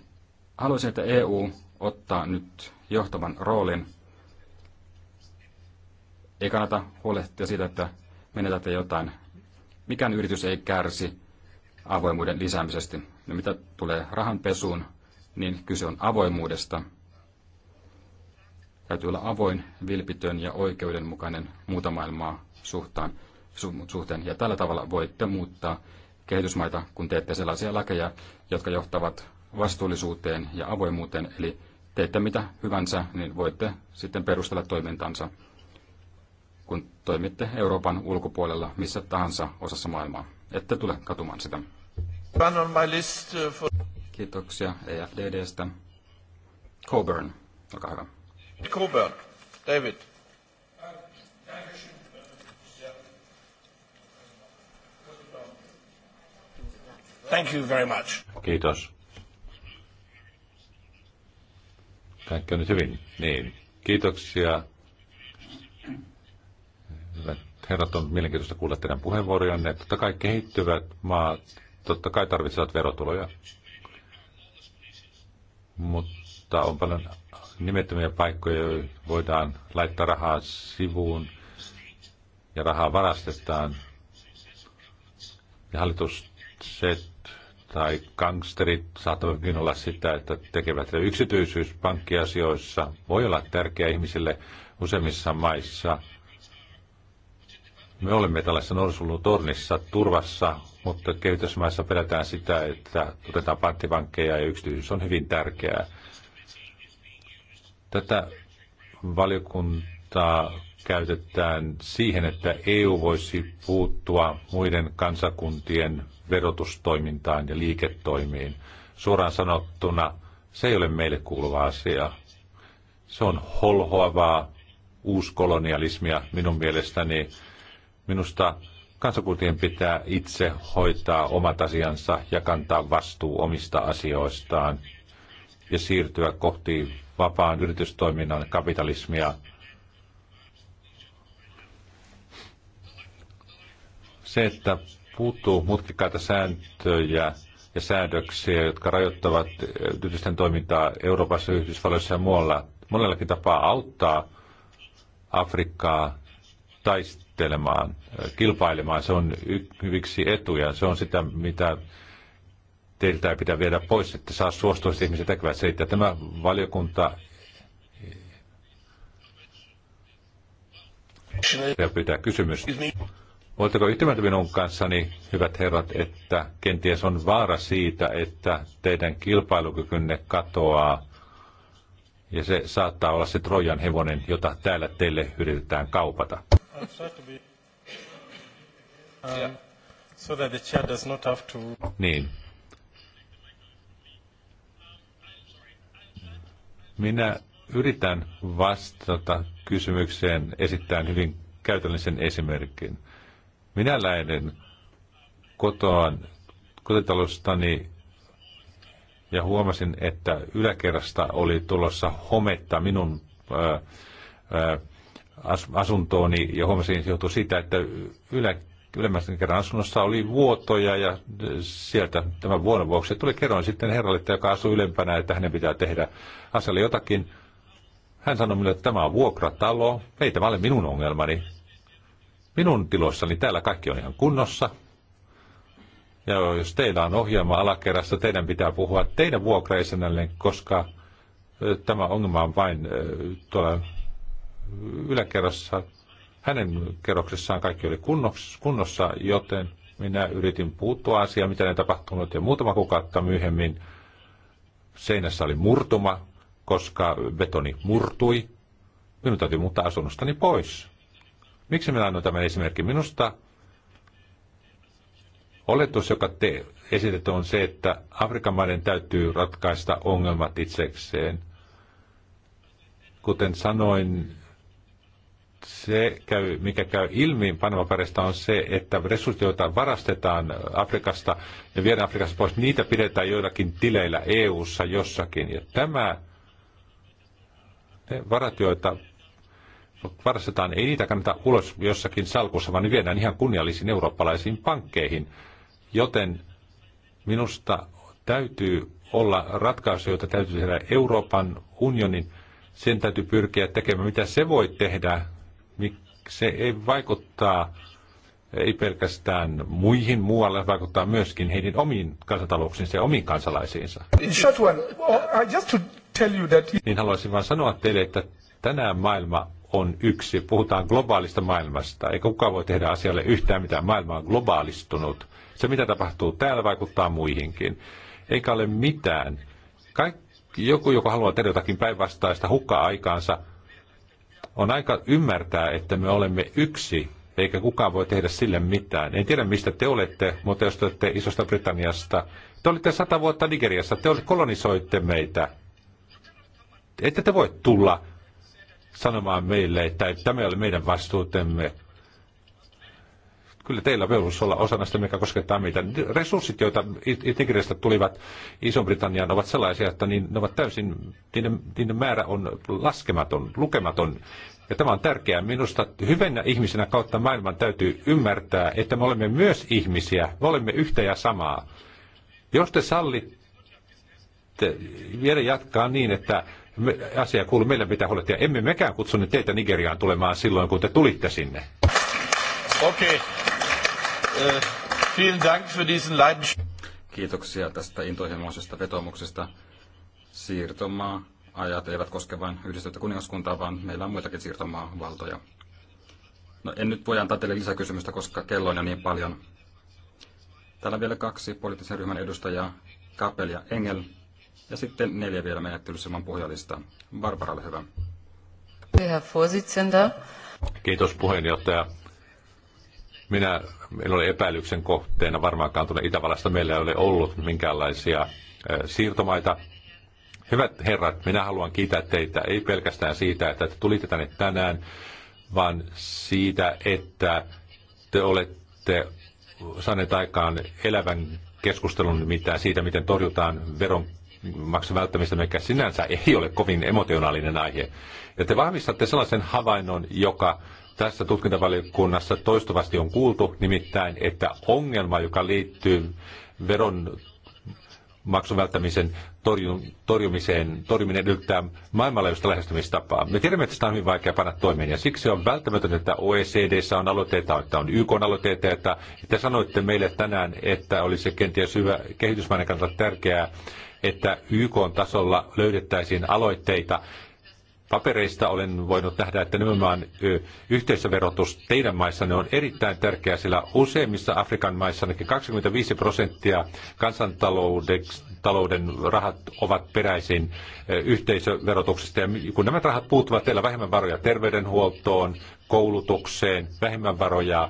haluaisin, että EU ottaa nyt johtavan roolin. Ei kannata huolehtia siitä, että menetätte jotain. Mikään yritys ei kärsi avoimuuden lisäämisestä. No mitä tulee rahanpesuun, niin kyse on avoimuudesta – Täytyy olla avoin, vilpitön ja oikeudenmukainen muuta maailmaa suhtaan, su- suhteen. Ja tällä tavalla voitte muuttaa kehitysmaita, kun teette sellaisia lakeja, jotka johtavat vastuullisuuteen ja avoimuuteen. Eli teette mitä hyvänsä, niin voitte sitten perustella toimintansa, kun toimitte Euroopan ulkopuolella missä tahansa osassa maailmaa. Ette tule katumaan sitä. Uh, Kiitoksia EFDDstä. Coburn, olkaa hyvä. Coburn, David. Thank you very much. Kiitos. Kaikki on nyt hyvin. Niin. Kiitoksia. Hyvät herrat, on mielenkiintoista kuulla teidän puheenvuorojanne. Totta kai kehittyvät maat, totta kai tarvitsevat verotuloja. Mutta on paljon nimettömiä paikkoja, joihin voidaan laittaa rahaa sivuun ja rahaa varastetaan. Ja hallitukset tai gangsterit saattavat olla sitä, että tekevät yksityisyys pankkiasioissa. Voi olla tärkeä ihmisille useimmissa maissa. Me olemme tällaisessa norsulun turvassa, mutta kehitysmaissa pelätään sitä, että otetaan panttivankkeja ja yksityisyys on hyvin tärkeää. Tätä valiokuntaa käytetään siihen, että EU voisi puuttua muiden kansakuntien verotustoimintaan ja liiketoimiin. Suoraan sanottuna se ei ole meille kuuluva asia. Se on holhoavaa uuskolonialismia minun mielestäni. Minusta kansakuntien pitää itse hoitaa omat asiansa ja kantaa vastuu omista asioistaan ja siirtyä kohti vapaan yritystoiminnan kapitalismia. Se, että puuttuu mutkikkaita sääntöjä ja säädöksiä, jotka rajoittavat yritysten toimintaa Euroopassa, Yhdysvalloissa ja muualla, monellakin tapaa auttaa Afrikkaa taistelemaan, kilpailemaan. Se on yksi etuja. Se on sitä, mitä teiltä ei pidä viedä pois, että saa suostuisi ihmiset tekevät se, että tämä valiokunta ja pyytää kysymys. Oletteko yhtä minun kanssani, hyvät herrat, että kenties on vaara siitä, että teidän kilpailukykynne katoaa ja se saattaa olla se Trojan hevonen, jota täällä teille yritetään kaupata? Niin, Minä yritän vastata kysymykseen esittäen hyvin käytännöllisen esimerkin. Minä lähden kotoaan kotitalostani ja huomasin, että yläkerrasta oli tulossa hometta minun ää, ää, asuntooni ja huomasin, että se johtui siitä, että ylä, ylemmästä kerran asunnossa oli vuotoja ja eh, sieltä tämän vuoden vuoksi tuli kerran sitten herralle, joka asuu ylempänä, että hänen pitää tehdä asialle jotakin. Hän sanoi minulle, että tämä on vuokratalo, ei tämä ole minun ongelmani. Minun tiloissani täällä kaikki on ihan kunnossa. Ja jos teillä on ohjelma alakerrassa, teidän pitää puhua teidän vuokraisenälle, koska eh, tämä ongelma on vain eh, tuolla yläkerrassa hänen kerroksessaan kaikki oli kunnossa, joten minä yritin puuttua asiaan, mitä ne tapahtunut, ja muutama kuukautta myöhemmin seinässä oli murtuma, koska betoni murtui. Minun täytyy muuttaa asunnostani pois. Miksi minä annan tämän esimerkin? Minusta oletus, joka te esitetään, on se, että Afrikan maiden täytyy ratkaista ongelmat itsekseen. Kuten sanoin, se, käy, mikä käy ilmi Panama-paperista, on se, että resurssit, joita varastetaan Afrikasta ja viedään Afrikasta pois, niitä pidetään joillakin tileillä EU-ssa jossakin. Ja tämä, ne varat, joita varastetaan, ei niitä kannata ulos jossakin salkussa, vaan ne viedään ihan kunniallisiin eurooppalaisiin pankkeihin. Joten minusta täytyy olla ratkaisu, jota täytyy tehdä Euroopan unionin. Sen täytyy pyrkiä tekemään, mitä se voi tehdä se ei vaikuttaa ei pelkästään muihin muualle, vaikuttaa myöskin heidän omiin kansantalouksiinsa ja omiin kansalaisiinsa. Oh, just to tell you that... Niin haluaisin vain sanoa teille, että tänään maailma on yksi. Puhutaan globaalista maailmasta, eikä kukaan voi tehdä asialle yhtään mitään. Maailma on globaalistunut. Se, mitä tapahtuu täällä, vaikuttaa muihinkin. Eikä ole mitään. Kaik- joku, joka haluaa tehdä jotakin päinvastaista, hukkaa aikaansa, on aika ymmärtää, että me olemme yksi, eikä kukaan voi tehdä sille mitään. En tiedä, mistä te olette, mutta jos te olette Isosta Britanniasta, te olitte sata vuotta Nigeriassa, te kolonisoitte meitä. Ette te voi tulla sanomaan meille, että tämä ei ole meidän vastuutemme. Kyllä teillä on velvollisuus olla osana sitä, mikä koskettaa meitä. Resurssit, joita Tigreistä tulivat Iso-Britanniaan, ovat sellaisia, että niin, ne ovat täysin, niiden, niiden määrä on laskematon, lukematon. Ja tämä on tärkeää. Minusta hyvänä ihmisenä kautta maailman täytyy ymmärtää, että me olemme myös ihmisiä. Me olemme yhtä ja samaa. Jos te sallitte vielä jatkaa niin, että me, asia kuuluu, meillä pitää huolehtia. Emme mekään kutsuneet teitä Nigeriaan tulemaan silloin, kun te tulitte sinne. Okay. Äh, vielen Dank für diesen Kiitoksia tästä intohimoisesta vetomuksesta. Siirtomaa ajat eivät koske vain yhdistettä kuningaskuntaa, vaan meillä on muitakin valtoja. No en nyt voi antaa teille lisäkysymystä, koska kello on jo niin paljon. Täällä on vielä kaksi poliittisen ryhmän edustajaa, Kapel ja Engel, ja sitten neljä vielä menettelyssä ilman puhujalistaa. Barbara, ole hyvä. Kiitos puheenjohtaja. Minä en ole epäilyksen kohteena varmaankaan tuonne Itävallasta. Meillä ei ole ollut minkäänlaisia siirtomaita. Hyvät herrat, minä haluan kiittää teitä ei pelkästään siitä, että te tulitte tänne tänään, vaan siitä, että te olette saaneet aikaan elävän keskustelun mitä siitä, miten torjutaan veron maksun välttämistä, mikä sinänsä ei ole kovin emotionaalinen aihe. Ja te vahvistatte sellaisen havainnon, joka tässä tutkintavaliokunnassa toistuvasti on kuultu, nimittäin, että ongelma, joka liittyy veron maksun välttämisen torjumiseen, torjuminen edellyttää maailmanlaajuista lähestymistapaa. Me tiedämme, että sitä on hyvin vaikea panna toimeen, ja siksi on välttämätöntä, että OECDssä on aloitteita, että on YK aloitteita, että te sanoitte meille tänään, että olisi kenties hyvä kehitysmaiden kannalta tärkeää, että YK tasolla löydettäisiin aloitteita, papereista olen voinut nähdä, että nimenomaan yhteisöverotus teidän ne on erittäin tärkeä, sillä useimmissa Afrikan maissa ainakin 25 prosenttia kansantalouden rahat ovat peräisin yhteisöverotuksesta. Ja kun nämä rahat puuttuvat, teillä vähemmän varoja terveydenhuoltoon, koulutukseen, vähemmän varoja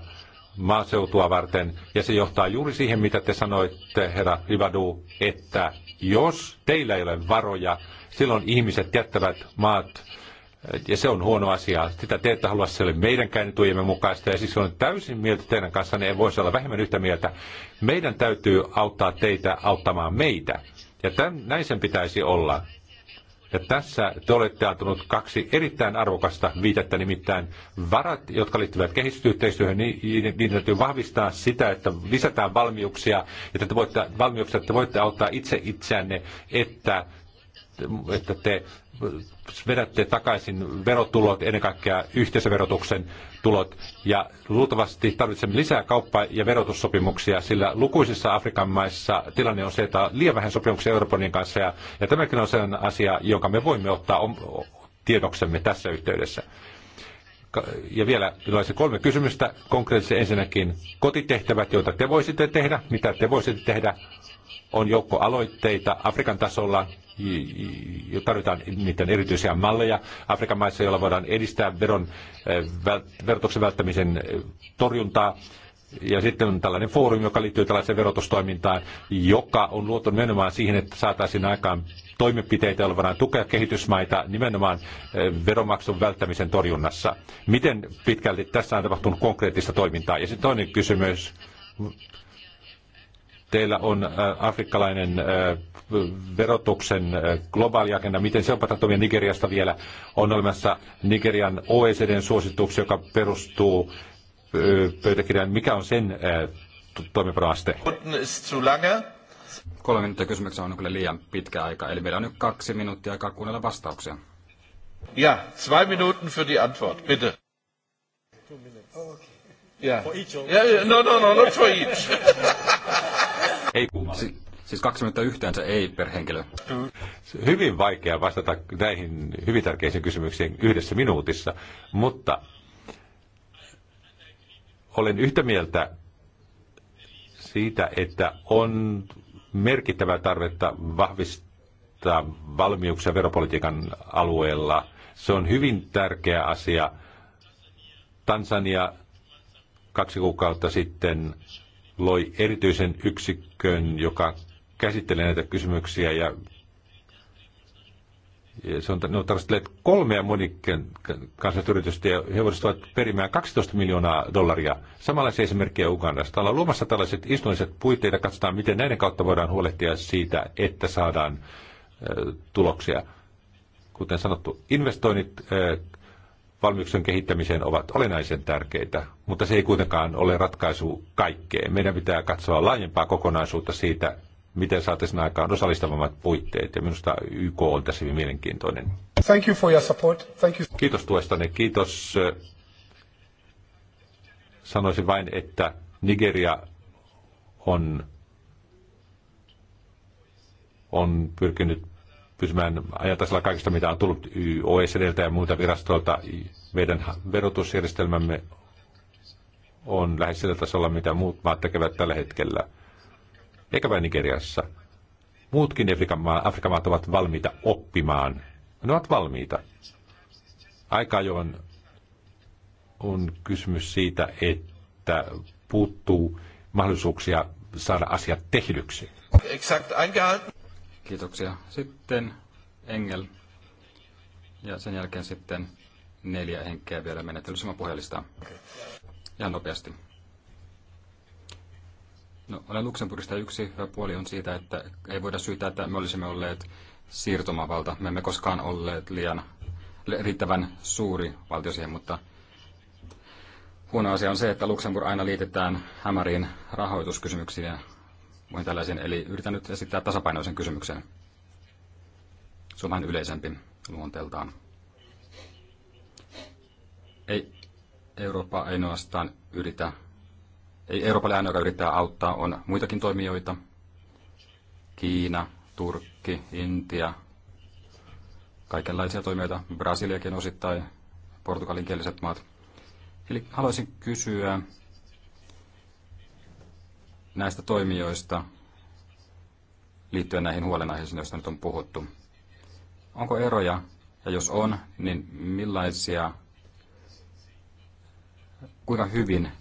maaseutua varten. Ja se johtaa juuri siihen, mitä te sanoitte, herra Ivadu, että jos teillä ei ole varoja Silloin ihmiset jättävät maat ja se on huono asia. Sitä te ette halua, se oli meidänkään etujemme mukaista, ja siis on täysin mieltä teidän kanssanne, ei voisi olla vähemmän yhtä mieltä. Meidän täytyy auttaa teitä auttamaan meitä, ja tämän, näin sen pitäisi olla. Ja tässä te olette antanut kaksi erittäin arvokasta viitettä, nimittäin varat, jotka liittyvät kehitysyhteistyöhön, niin niitä täytyy vahvistaa sitä, että lisätään valmiuksia, että te voitte, valmiuksia, että te voitte auttaa itse itseänne, että että te vedätte takaisin verotulot, ennen kaikkea yhteisöverotuksen tulot, ja luultavasti tarvitsemme lisää kauppa- ja verotussopimuksia, sillä lukuisissa Afrikan maissa tilanne on se, että on liian vähän sopimuksia Euroopan kanssa, ja, ja tämäkin on sellainen asia, jonka me voimme ottaa tiedoksemme tässä yhteydessä. Ja vielä se kolme kysymystä konkreettisesti ensinnäkin kotitehtävät, joita te voisitte tehdä, mitä te voisitte tehdä, on joukko aloitteita Afrikan tasolla, tarvitaan niiden erityisiä malleja Afrikan maissa, joilla voidaan edistää veron, eh, verotuksen välttämisen eh, torjuntaa. Ja sitten on tällainen foorumi, joka liittyy tällaiseen verotustoimintaan, joka on luotu nimenomaan siihen, että saataisiin aikaan toimenpiteitä, joilla voidaan tukea kehitysmaita nimenomaan eh, veromaksun välttämisen torjunnassa. Miten pitkälti tässä on tapahtunut konkreettista toimintaa? Ja sitten toinen kysymys, Teillä on äh, afrikkalainen äh, verotuksen äh, globaali agenda. Miten se on patatomia Nigeriasta vielä? On olemassa Nigerian OECDn suosituksia, joka perustuu pöytäkirjaan. Mikä on sen toimenpanoaste? Kolme minuuttia kysymyksessä on kyllä liian pitkä aika, eli meillä on nyt kaksi minuuttia aikaa kuunnella vastauksia. Ja, zwei Minuten für die Antwort, bitte. Two minutes. Oh, okay. Yeah. For each. Yeah, no, no, no, not for each. Ei kummalle. Si- siis 20 yhteensä ei per henkilö. Hyvin vaikea vastata näihin hyvin tärkeisiin kysymyksiin yhdessä minuutissa, mutta olen yhtä mieltä siitä, että on merkittävää tarvetta vahvistaa valmiuksia veropolitiikan alueella. Se on hyvin tärkeä asia. Tansania kaksi kuukautta sitten loi erityisen yksikön, joka käsittelee näitä kysymyksiä ja se on, ne on tarkastelleet kolmea monikansallista yritystä ja he voisivat perimään 12 miljoonaa dollaria. Samanlaisia esimerkkejä Ugandasta. Ollaan luomassa tällaiset istunnolliset puitteet ja katsotaan, miten näiden kautta voidaan huolehtia siitä, että saadaan ö, tuloksia. Kuten sanottu, investoinnit ö, valmiuksien kehittämiseen ovat olennaisen tärkeitä, mutta se ei kuitenkaan ole ratkaisu kaikkeen. Meidän pitää katsoa laajempaa kokonaisuutta siitä, miten saataisiin aikaan osallistavammat puitteet, ja minusta YK on tässä hyvin mielenkiintoinen. Thank you for your support. Thank you. Kiitos tuestanne, kiitos. Sanoisin vain, että Nigeria on, on pyrkinyt pysymään ajatasella kaikista, mitä on tullut OECDltä ja muilta virastoilta. Meidän verotusjärjestelmämme on lähes sillä tasolla, mitä muut maat tekevät tällä hetkellä. Eikä vain Nigeriassa. Muutkin Afrikan, maa, Afrikan maat ovat valmiita oppimaan. Ne ovat valmiita. Aika ajoin on kysymys siitä, että puuttuu mahdollisuuksia saada asiat tehdyksi. Exact, Kiitoksia. Sitten Engel ja sen jälkeen sitten neljä henkeä vielä menettelysymän puhelistaan. Ja nopeasti. No, olen Luxemburgista yksi hyvä puoli on siitä, että ei voida syytää, että me olisimme olleet siirtomavalta. Me emme koskaan olleet liian riittävän suuri valtio siihen, mutta huono asia on se, että Luxemburg aina liitetään hämäriin rahoituskysymyksiin ja muihin tällaisiin. Eli yritän nyt esittää tasapainoisen kysymyksen. Se on vähän yleisempi luonteeltaan. Ei Eurooppa ainoastaan yritä, ei Euroopalle ainoa, yrittää auttaa, on muitakin toimijoita. Kiina, Turkki, Intia, kaikenlaisia toimijoita, Brasiliakin osittain, portugalinkieliset maat. Eli haluaisin kysyä, näistä toimijoista liittyen näihin huolenaiheisiin, joista nyt on puhuttu. Onko eroja? Ja jos on, niin millaisia, kuinka hyvin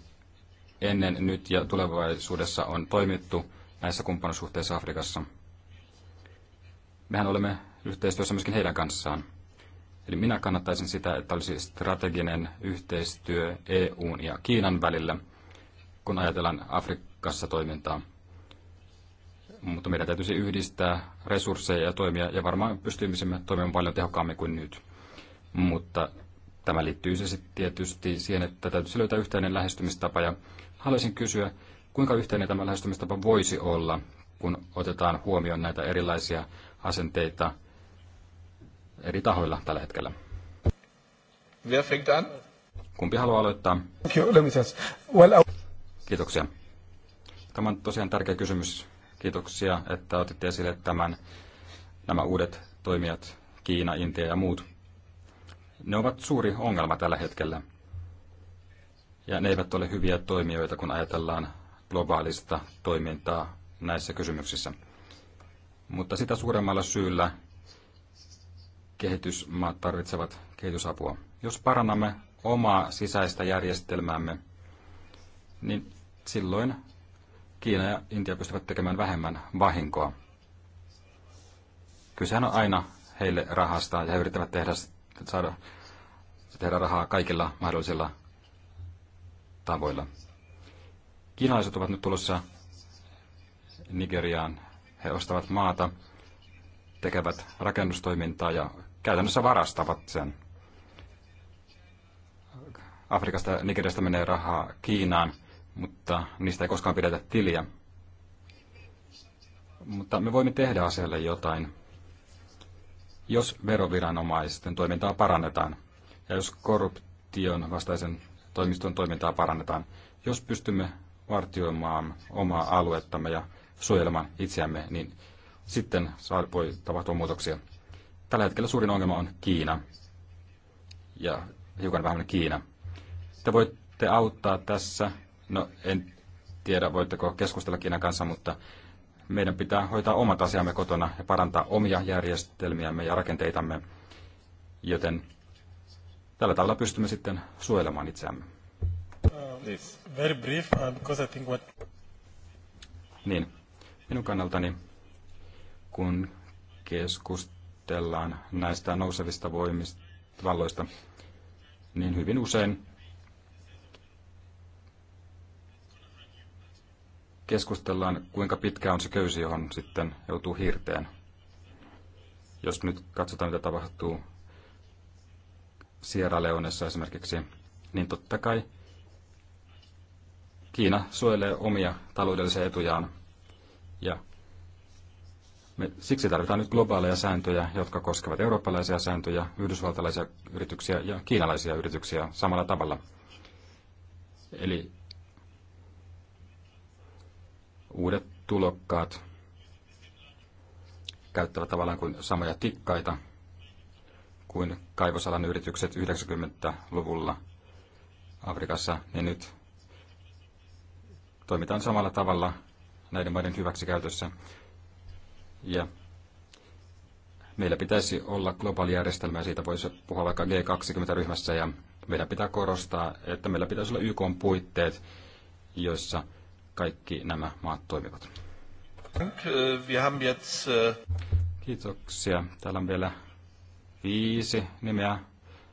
ennen, nyt ja tulevaisuudessa on toimittu näissä kumppanuussuhteissa Afrikassa? Mehän olemme yhteistyössä myöskin heidän kanssaan. Eli minä kannattaisin sitä, että olisi strateginen yhteistyö EUn ja Kiinan välillä – kun ajatellaan Afrikassa toimintaa. Mutta meidän täytyisi yhdistää resursseja ja toimia, ja varmaan pystyisimme toimimaan paljon tehokkaammin kuin nyt. Mutta tämä liittyy se tietysti siihen, että täytyisi löytää yhteinen lähestymistapa, ja haluaisin kysyä, kuinka yhteinen tämä lähestymistapa voisi olla, kun otetaan huomioon näitä erilaisia asenteita eri tahoilla tällä hetkellä. Wer fängt an? Kumpi haluaa aloittaa? Well, Kiitoksia. Tämä on tosiaan tärkeä kysymys. Kiitoksia, että otitte esille tämän, nämä uudet toimijat, Kiina, Intia ja muut. Ne ovat suuri ongelma tällä hetkellä. Ja ne eivät ole hyviä toimijoita, kun ajatellaan globaalista toimintaa näissä kysymyksissä. Mutta sitä suuremmalla syyllä kehitysmaat tarvitsevat kehitysapua. Jos parannamme omaa sisäistä järjestelmäämme, niin silloin Kiina ja Intia pystyvät tekemään vähemmän vahinkoa. Kysehän on aina heille rahasta ja he yrittävät tehdä, saada, tehdä rahaa kaikilla mahdollisilla tavoilla. Kiinalaiset ovat nyt tulossa Nigeriaan. He ostavat maata, tekevät rakennustoimintaa ja käytännössä varastavat sen. Afrikasta ja Nigeriasta menee rahaa Kiinaan – mutta niistä ei koskaan pidetä tiliä. Mutta me voimme tehdä asialle jotain, jos veroviranomaisten toimintaa parannetaan ja jos korruption vastaisen toimiston toimintaa parannetaan, jos pystymme vartioimaan omaa aluettamme ja suojelemaan itseämme, niin sitten voi tapahtua muutoksia. Tällä hetkellä suurin ongelma on Kiina ja hiukan vähemmän Kiina. Te voitte auttaa tässä No en tiedä, voitteko keskustella Kiinan kanssa, mutta meidän pitää hoitaa omat asiamme kotona ja parantaa omia järjestelmiämme ja rakenteitamme, joten tällä tavalla pystymme sitten suojelemaan itseämme. Very brief, because I think what... Niin, minun kannaltani, kun keskustellaan näistä nousevista voimista, valloista, niin hyvin usein keskustellaan, kuinka pitkä on se köysi, johon sitten joutuu hirteen. Jos nyt katsotaan, mitä tapahtuu Sierra Leonessa esimerkiksi, niin totta kai Kiina suojelee omia taloudellisia etujaan. Ja me siksi tarvitaan nyt globaaleja sääntöjä, jotka koskevat eurooppalaisia sääntöjä, yhdysvaltalaisia yrityksiä ja kiinalaisia yrityksiä samalla tavalla. Eli uudet tulokkaat käyttävät tavallaan kuin samoja tikkaita kuin kaivosalan yritykset 90-luvulla Afrikassa, niin nyt toimitaan samalla tavalla näiden maiden hyväksikäytössä. Ja meillä pitäisi olla globaali järjestelmä, ja siitä voisi puhua vaikka G20-ryhmässä, ja meidän pitää korostaa, että meillä pitäisi olla YK puitteet, joissa – kaikki nämä maat toimivat. Äh, äh, Kiitoksia. Täällä on vielä viisi nimeä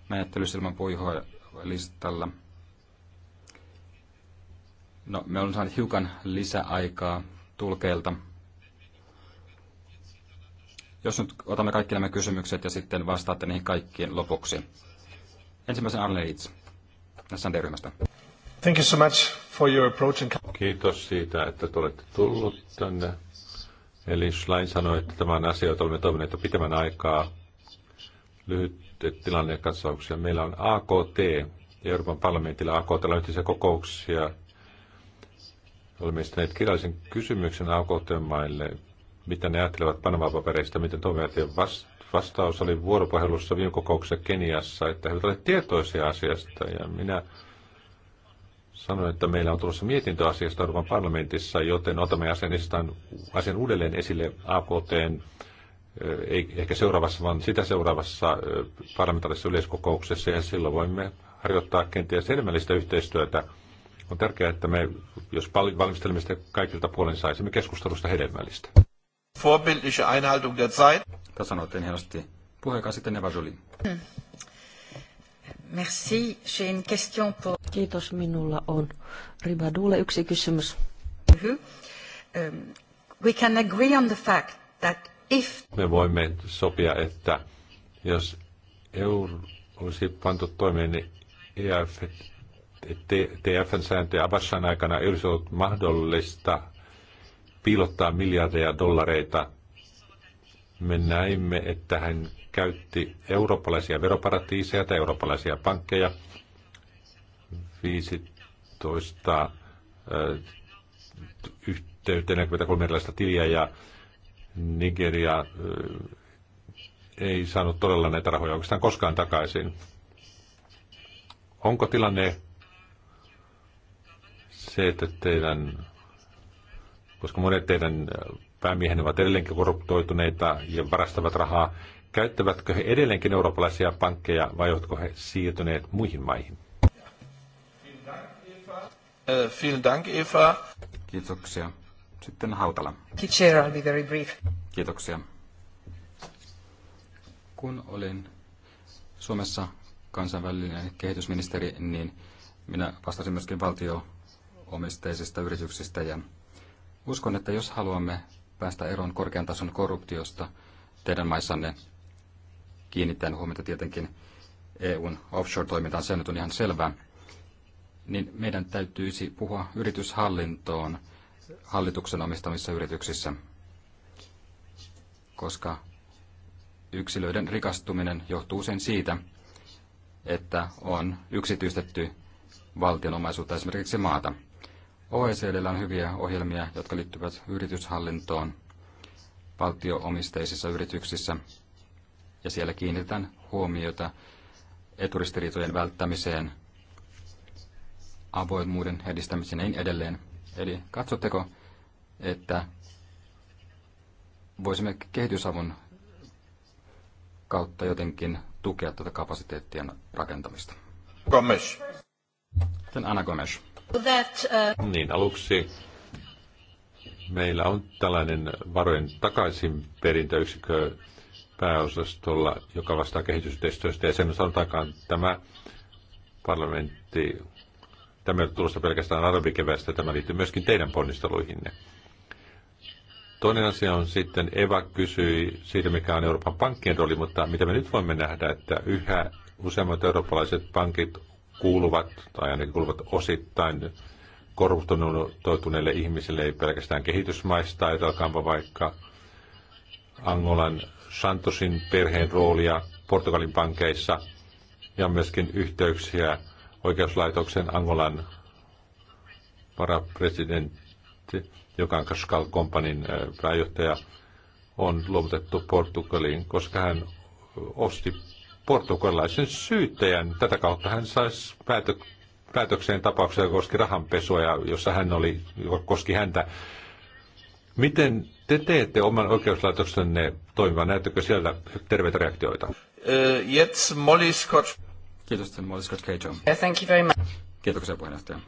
menettelysilman puihoa listalla. No, me olemme saaneet hiukan lisäaikaa tulkeilta. Jos nyt otamme kaikki nämä kysymykset ja sitten vastaatte niihin kaikkiin lopuksi. Ensimmäisen Arne Itz, SND-ryhmästä. Thank you so much for your approach and... Kiitos siitä, että olette tullut tänne. Eli Schlein sanoi, että tämä on asia, jota olemme toimineet jo pitemmän aikaa. Lyhyt tilanne katsauksia. Meillä on AKT, Euroopan parlamentilla AKT on yhteisiä kokouksia. Olemme esittäneet kirjallisen kysymyksen AKT-maille, mitä ne ajattelevat Panama-papereista, miten toimivat. Ja vastaus oli vuoropuhelussa viime kokouksessa Keniassa, että he olivat tietoisia asiasta. Ja minä sanoin, että meillä on tulossa mietintö asiasta Euroopan parlamentissa, joten otamme asian, asian uudelleen esille AKT, ei ehkä seuraavassa, vaan sitä seuraavassa parlamentaarisessa yleiskokouksessa, ja silloin voimme harjoittaa kenties enemmällistä yhteistyötä. On tärkeää, että me, jos valmistelemme sitä kaikilta puolen, saisimme keskustelusta hedelmällistä. Vorbildliche Einhaltung der Zeit. Tässä sanottiin hienosti. Puheenjohtaja sitten Eva Jolie. Hmm. Merci. J'ai une question pour... Kiitos. Minulla on Ribadulle yksi kysymys. Mm-hmm. Um, we can agree on the fact that if... Me voimme sopia, että jos euro olisi pantu toimeen, niin EF, TFn sääntöjä Abashan aikana ei olisi ollut mahdollista piilottaa miljardeja dollareita me näimme, että hän käytti eurooppalaisia veroparatiiseja tai eurooppalaisia pankkeja 15 yhteyteen 43 erilaista tiliä ja Nigeria ei saanut todella näitä rahoja oikeastaan koskaan takaisin. Onko tilanne se, että teidän, koska monet teidän päämiehen ovat edelleenkin korruptoituneita ja varastavat rahaa. Käyttävätkö he edelleenkin eurooppalaisia pankkeja vai ovatko he siirtyneet muihin maihin? Äh, Eva. Kiitoksia. Sitten Hautala. I'll be very brief. Kiitoksia. Kun olin Suomessa kansainvälinen kehitysministeri, niin minä vastasin myöskin valtioomisteisista yrityksistä ja uskon, että jos haluamme päästä eroon korkean tason korruptiosta teidän maissanne kiinnittäen huomiota tietenkin EUn offshore-toimintaan, se nyt on ihan selvää, niin meidän täytyisi puhua yrityshallintoon hallituksen omistamissa yrityksissä, koska yksilöiden rikastuminen johtuu sen siitä, että on yksityistetty valtion omaisuutta esimerkiksi maata. OECDllä on hyviä ohjelmia, jotka liittyvät yrityshallintoon valtioomisteisissa yrityksissä, ja siellä kiinnitetään huomiota eturistiriitojen välttämiseen, avoimuuden edistämiseen ja niin edelleen. Eli katsotteko, että voisimme kehitysavun kautta jotenkin tukea tätä kapasiteettien rakentamista? Gomes. Sitten Anna Gomes. That, uh... Niin, aluksi meillä on tällainen varojen takaisinperintäyksikö pääosastolla, joka vastaa kehitysyhteistyöstä, ja sen sanotaankaan tämä parlamentti, tämä ei ole tulossa pelkästään arabikevästä, tämä liittyy myöskin teidän ponnisteluihinne. Toinen asia on sitten, Eva kysyi siitä, mikä on Euroopan pankkien rooli, mutta mitä me nyt voimme nähdä, että yhä useammat eurooppalaiset pankit kuuluvat, tai ainakin kuuluvat osittain korruptoituneille ihmisille, ei pelkästään kehitysmaista, ajatelkaanpa vaikka Angolan Santosin perheen roolia Portugalin pankeissa ja myöskin yhteyksiä oikeuslaitoksen Angolan varapresidentti, joka on Kaskal Kompanin äh, pääjohtaja, on luovutettu Portugaliin, koska hän osti portugalaisen syyttäjän. Tätä kautta hän saisi päätö, päätökseen tapauksia, joka koski rahanpesua ja jossa hän oli, joka koski häntä. Miten te teette oman oikeuslaitoksenne toimivan? Näettekö siellä terveitä reaktioita? Uh, äh, yes, Molly Scott. Kiitos, Molly Scott Cato. thank you very much. Kiitoksia puheenjohtaja.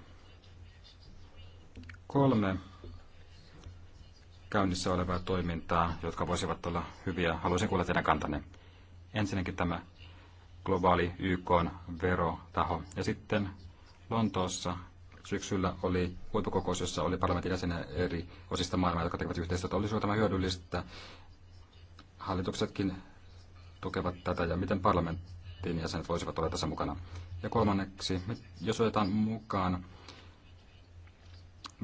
Kolme käynnissä olevaa toimintaa, jotka voisivat olla hyviä. Haluaisin kuulla teidän kantanne. Ensinnäkin tämä globaali YK verotaho. Ja sitten Lontoossa syksyllä oli huippukokous, jossa oli parlamentin jäsenen eri osista maailmaa, jotka tekevät yhteistyötä. Oli tämä hyödyllistä? Hallituksetkin tukevat tätä ja miten parlamentin jäsenet voisivat olla tässä mukana. Ja kolmanneksi, jos otetaan mukaan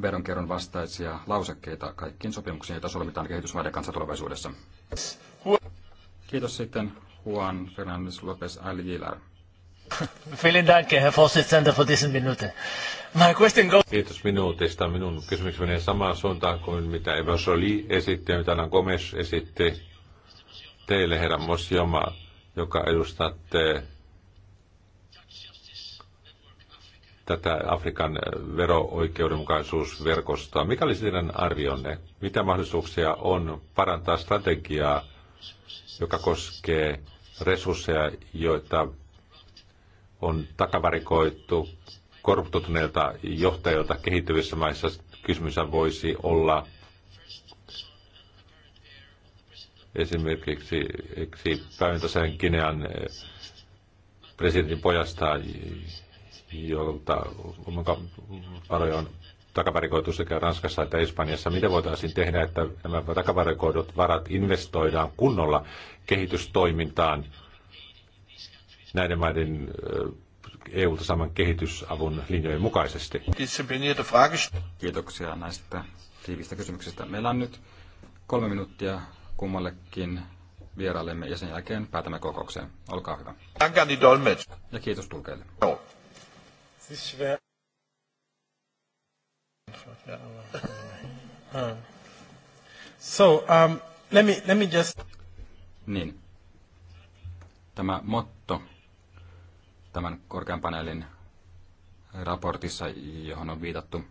veronkierron vastaisia lausekkeita kaikkiin sopimuksiin, joita solmitaan kehitysmaiden kanssa tulevaisuudessa. Kiitos sitten Juan López Aguilar. Vielen Dank, Herr Vorsitzender, für diesen Minute. My question goes... Kiitos minuutista. Minun kysymys menee samaan suuntaan kuin mitä Eva Soli esitti ja mitä Anna Gomes esitti teille, herra Mosjoma, joka edustatte tätä Afrikan vero-oikeudenmukaisuusverkostoa. Mikä olisi teidän arvionne? Mitä mahdollisuuksia on parantaa strategiaa, joka koskee resursseja, joita on takavarikoitu korruptoituneilta johtajilta kehittyvissä maissa. Kysymys voisi olla esimerkiksi päivintäisen Kinean eh, presidentin pojasta, jolta varoja on takavarikoitu sekä Ranskassa että Espanjassa. Mitä voitaisiin tehdä, että nämä takavarikoidut varat investoidaan kunnolla kehitystoimintaan näiden maiden EU-ta saman kehitysavun linjojen mukaisesti? Kiitoksia näistä tiivistä kysymyksistä. Meillä on nyt kolme minuuttia kummallekin vieraillemme ja sen jälkeen päätämme kokoukseen. Olkaa hyvä. Ja kiitos tulkeille. So, um, let me, let me just... Niin. Tämä motto tämän korkean paneelin raportissa, johon on viitattu,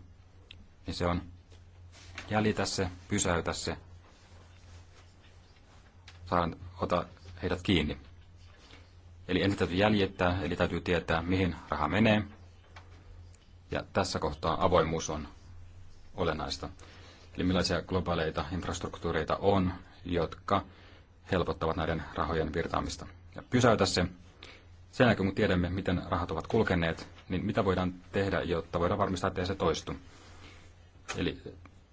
niin se on jäljitä se, pysäytä se, saan ota heidät kiinni. Eli ensin täytyy jäljittää, eli täytyy tietää, mihin raha menee. Ja tässä kohtaa avoimuus on olennaista. Eli millaisia globaaleita infrastruktuureita on, jotka helpottavat näiden rahojen virtaamista. Ja pysäytä se. Sen jälkeen kun tiedämme, miten rahat ovat kulkeneet, niin mitä voidaan tehdä, jotta voidaan varmistaa, että se toistu. Eli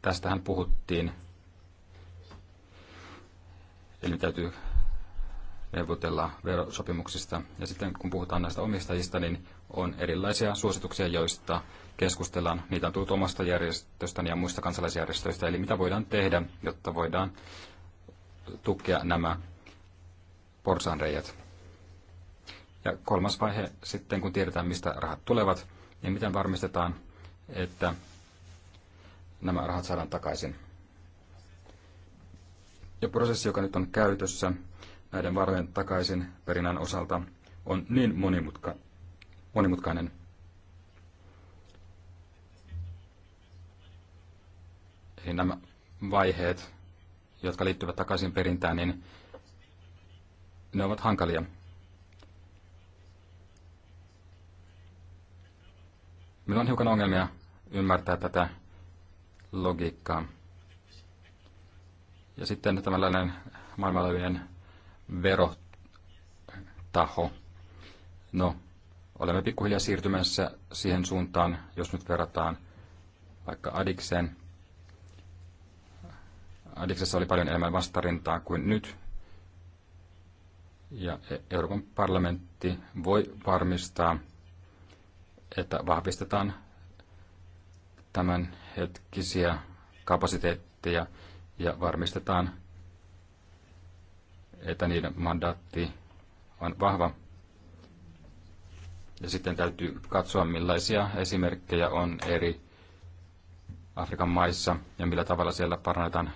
tästähän puhuttiin. Eli täytyy neuvotella verosopimuksista. Ja sitten kun puhutaan näistä omistajista, niin on erilaisia suosituksia, joista keskustellaan. Niitä on tullut omasta järjestöstäni ja muista kansalaisjärjestöistä. Eli mitä voidaan tehdä, jotta voidaan tukea nämä porsanreijät. Ja kolmas vaihe sitten, kun tiedetään, mistä rahat tulevat, niin miten varmistetaan, että nämä rahat saadaan takaisin. Ja prosessi, joka nyt on käytössä näiden varojen takaisin perinnän osalta, on niin monimutka, monimutkainen. Eli nämä vaiheet, jotka liittyvät takaisin perintään, niin ne ovat hankalia. Meillä on hiukan ongelmia ymmärtää tätä logiikkaa. Ja sitten tällainen maailmanlaajuinen verotaho. No, olemme pikkuhiljaa siirtymässä siihen suuntaan, jos nyt verrataan vaikka Adikseen. Adiksessa oli paljon enemmän vastarintaa kuin nyt. Ja e- Euroopan parlamentti voi varmistaa, että vahvistetaan tämän hetkisiä kapasiteetteja ja varmistetaan, että niiden mandaatti on vahva ja sitten täytyy katsoa, millaisia esimerkkejä on eri Afrikan maissa ja millä tavalla siellä parannetaan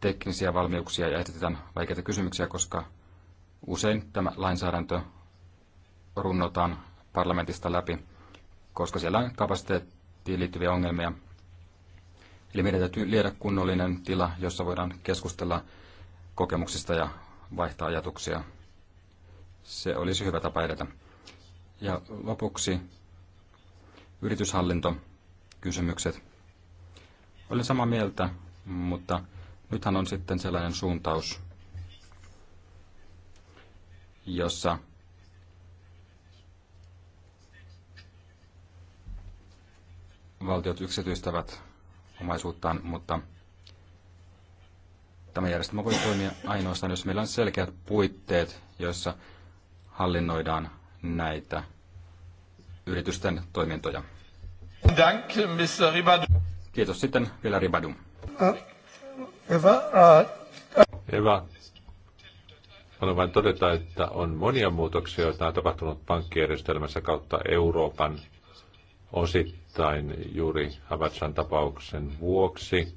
teknisiä valmiuksia ja esitetään vaikeita kysymyksiä, koska usein tämä lainsäädäntö runnotaan parlamentista läpi, koska siellä on kapasiteettiin liittyviä ongelmia. Eli meidän täytyy liedä kunnollinen tila, jossa voidaan keskustella kokemuksista ja vaihtaa ajatuksia. Se olisi hyvä tapa edetä. Ja lopuksi yrityshallintokysymykset. Olen samaa mieltä, mutta nythän on sitten sellainen suuntaus, jossa valtiot yksityistävät omaisuuttaan, mutta tämä järjestelmä voi toimia ainoastaan, jos meillä on selkeät puitteet, joissa hallinnoidaan näitä yritysten toimintoja. Dank, Mr. Ribadu. Kiitos sitten vielä Ribadu. Hyvä. Hyvä. Haluan vain todeta, että on monia muutoksia, joita on tapahtunut pankkijärjestelmässä kautta Euroopan osittain juuri Havatsan tapauksen vuoksi.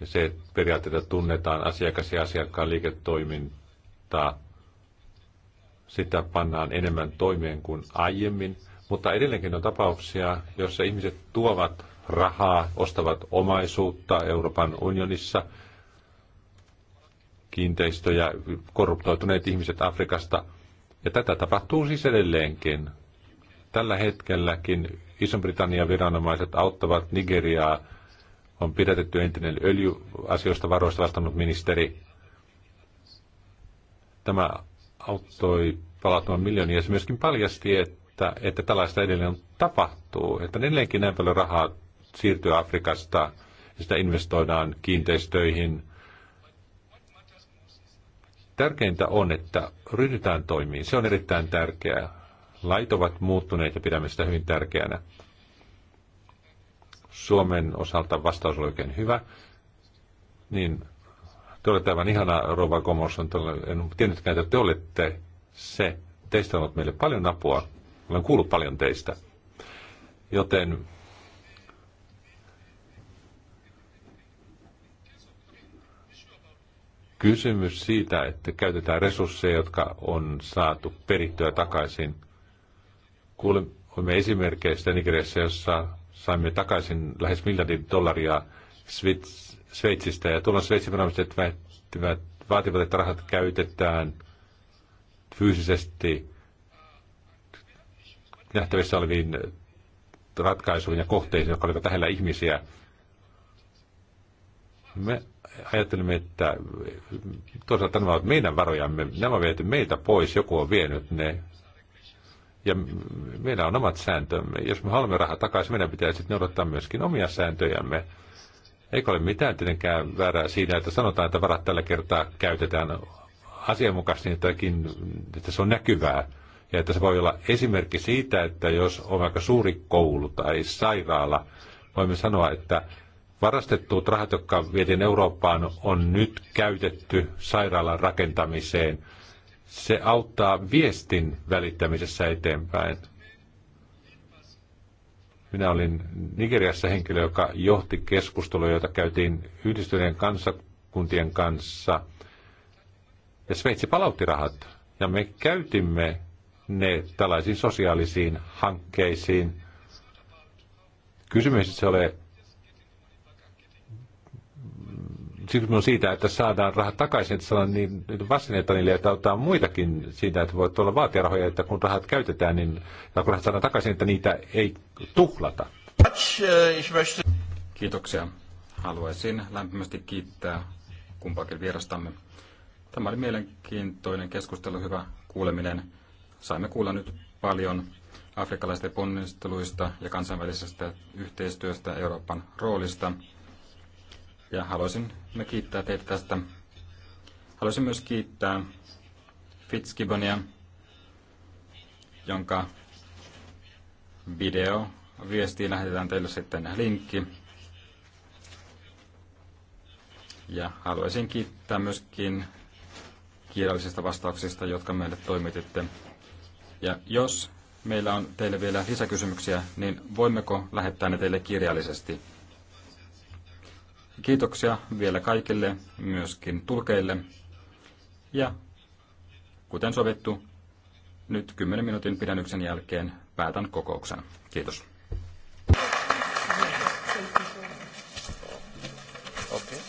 Ja se, että periaatteessa tunnetaan asiakas ja asiakkaan liiketoimintaa sitä pannaan enemmän toimeen kuin aiemmin. Mutta edelleenkin on tapauksia, joissa ihmiset tuovat rahaa, ostavat omaisuutta Euroopan unionissa, kiinteistöjä, korruptoituneet ihmiset Afrikasta. Ja tätä tapahtuu siis edelleenkin. Tällä hetkelläkin Iso-Britannian viranomaiset auttavat Nigeriaa. On pidätetty entinen öljyasioista varoista vastannut ministeri. Tämä auttoi palautumaan miljoonia. Se myöskin paljasti, että, että tällaista edelleen tapahtuu, että edelleenkin näin paljon rahaa siirtyy Afrikasta ja sitä investoidaan kiinteistöihin. Tärkeintä on, että ryhdytään toimiin. Se on erittäin tärkeää. Lait ovat muuttuneet ja pidämme sitä hyvin tärkeänä. Suomen osalta vastaus oli oikein hyvä. Niin te olette aivan ihana, Rova Komorson. En tiennytkään, että te olette se. Teistä on ollut meille paljon apua. Olen kuullut paljon teistä. Joten kysymys siitä, että käytetään resursseja, jotka on saatu perittyä takaisin. Kuulemme esimerkkejä Nigeriassa, jossa saimme takaisin lähes miljardin dollaria Svits Sveitsistä. Ja tuolla Sveitsin viranomaiset vaativat, että rahat käytetään fyysisesti nähtävissä oleviin ratkaisuihin ja kohteisiin, jotka olivat lähellä ihmisiä. Me ajattelimme, että toisaalta nämä ovat meidän varojamme, nämä on viety meiltä pois, joku on vienyt ne. Ja meillä on omat sääntömme. Jos me haluamme rahaa takaisin, meidän pitää sitten noudattaa myöskin omia sääntöjämme. Eikä ole mitään tietenkään väärää siinä, että sanotaan, että varat tällä kertaa käytetään asianmukaisesti, niin että se on näkyvää. Ja että se voi olla esimerkki siitä, että jos on aika suuri koulu tai sairaala, voimme sanoa, että varastettuut rahat, jotka vietiin Eurooppaan, on nyt käytetty sairaalan rakentamiseen. Se auttaa viestin välittämisessä eteenpäin. Minä olin Nigeriassa henkilö, joka johti keskustelua, jota käytiin yhdistyneen kansakuntien kanssa. Ja Sveitsi palautti rahat. Ja me käytimme ne tällaisiin sosiaalisiin hankkeisiin. Kysymys ei ole on siitä, että saadaan rahat takaisin, että saadaan niin, niin vastineita niille, että ottaa muitakin siitä, että voit olla vaatia rahoja, että kun rahat käytetään, niin kun rahat saadaan takaisin, että niitä ei tuhlata. Kiitoksia. Haluaisin lämpimästi kiittää kumpaakin vierastamme. Tämä oli mielenkiintoinen keskustelu, hyvä kuuleminen. Saimme kuulla nyt paljon afrikkalaisten ponnisteluista ja kansainvälisestä yhteistyöstä Euroopan roolista – ja haluaisin kiittää teitä tästä. Haluaisin myös kiittää Fitzgibbonia, jonka video viestiin lähetetään teille sitten linkki. Ja haluaisin kiittää myöskin kirjallisista vastauksista, jotka meille toimititte. Ja jos meillä on teille vielä lisäkysymyksiä, niin voimmeko lähettää ne teille kirjallisesti? Kiitoksia vielä kaikille, myöskin tulkeille. Ja kuten sovittu, nyt 10 minuutin pidännyksen jälkeen päätän kokouksen. Kiitos.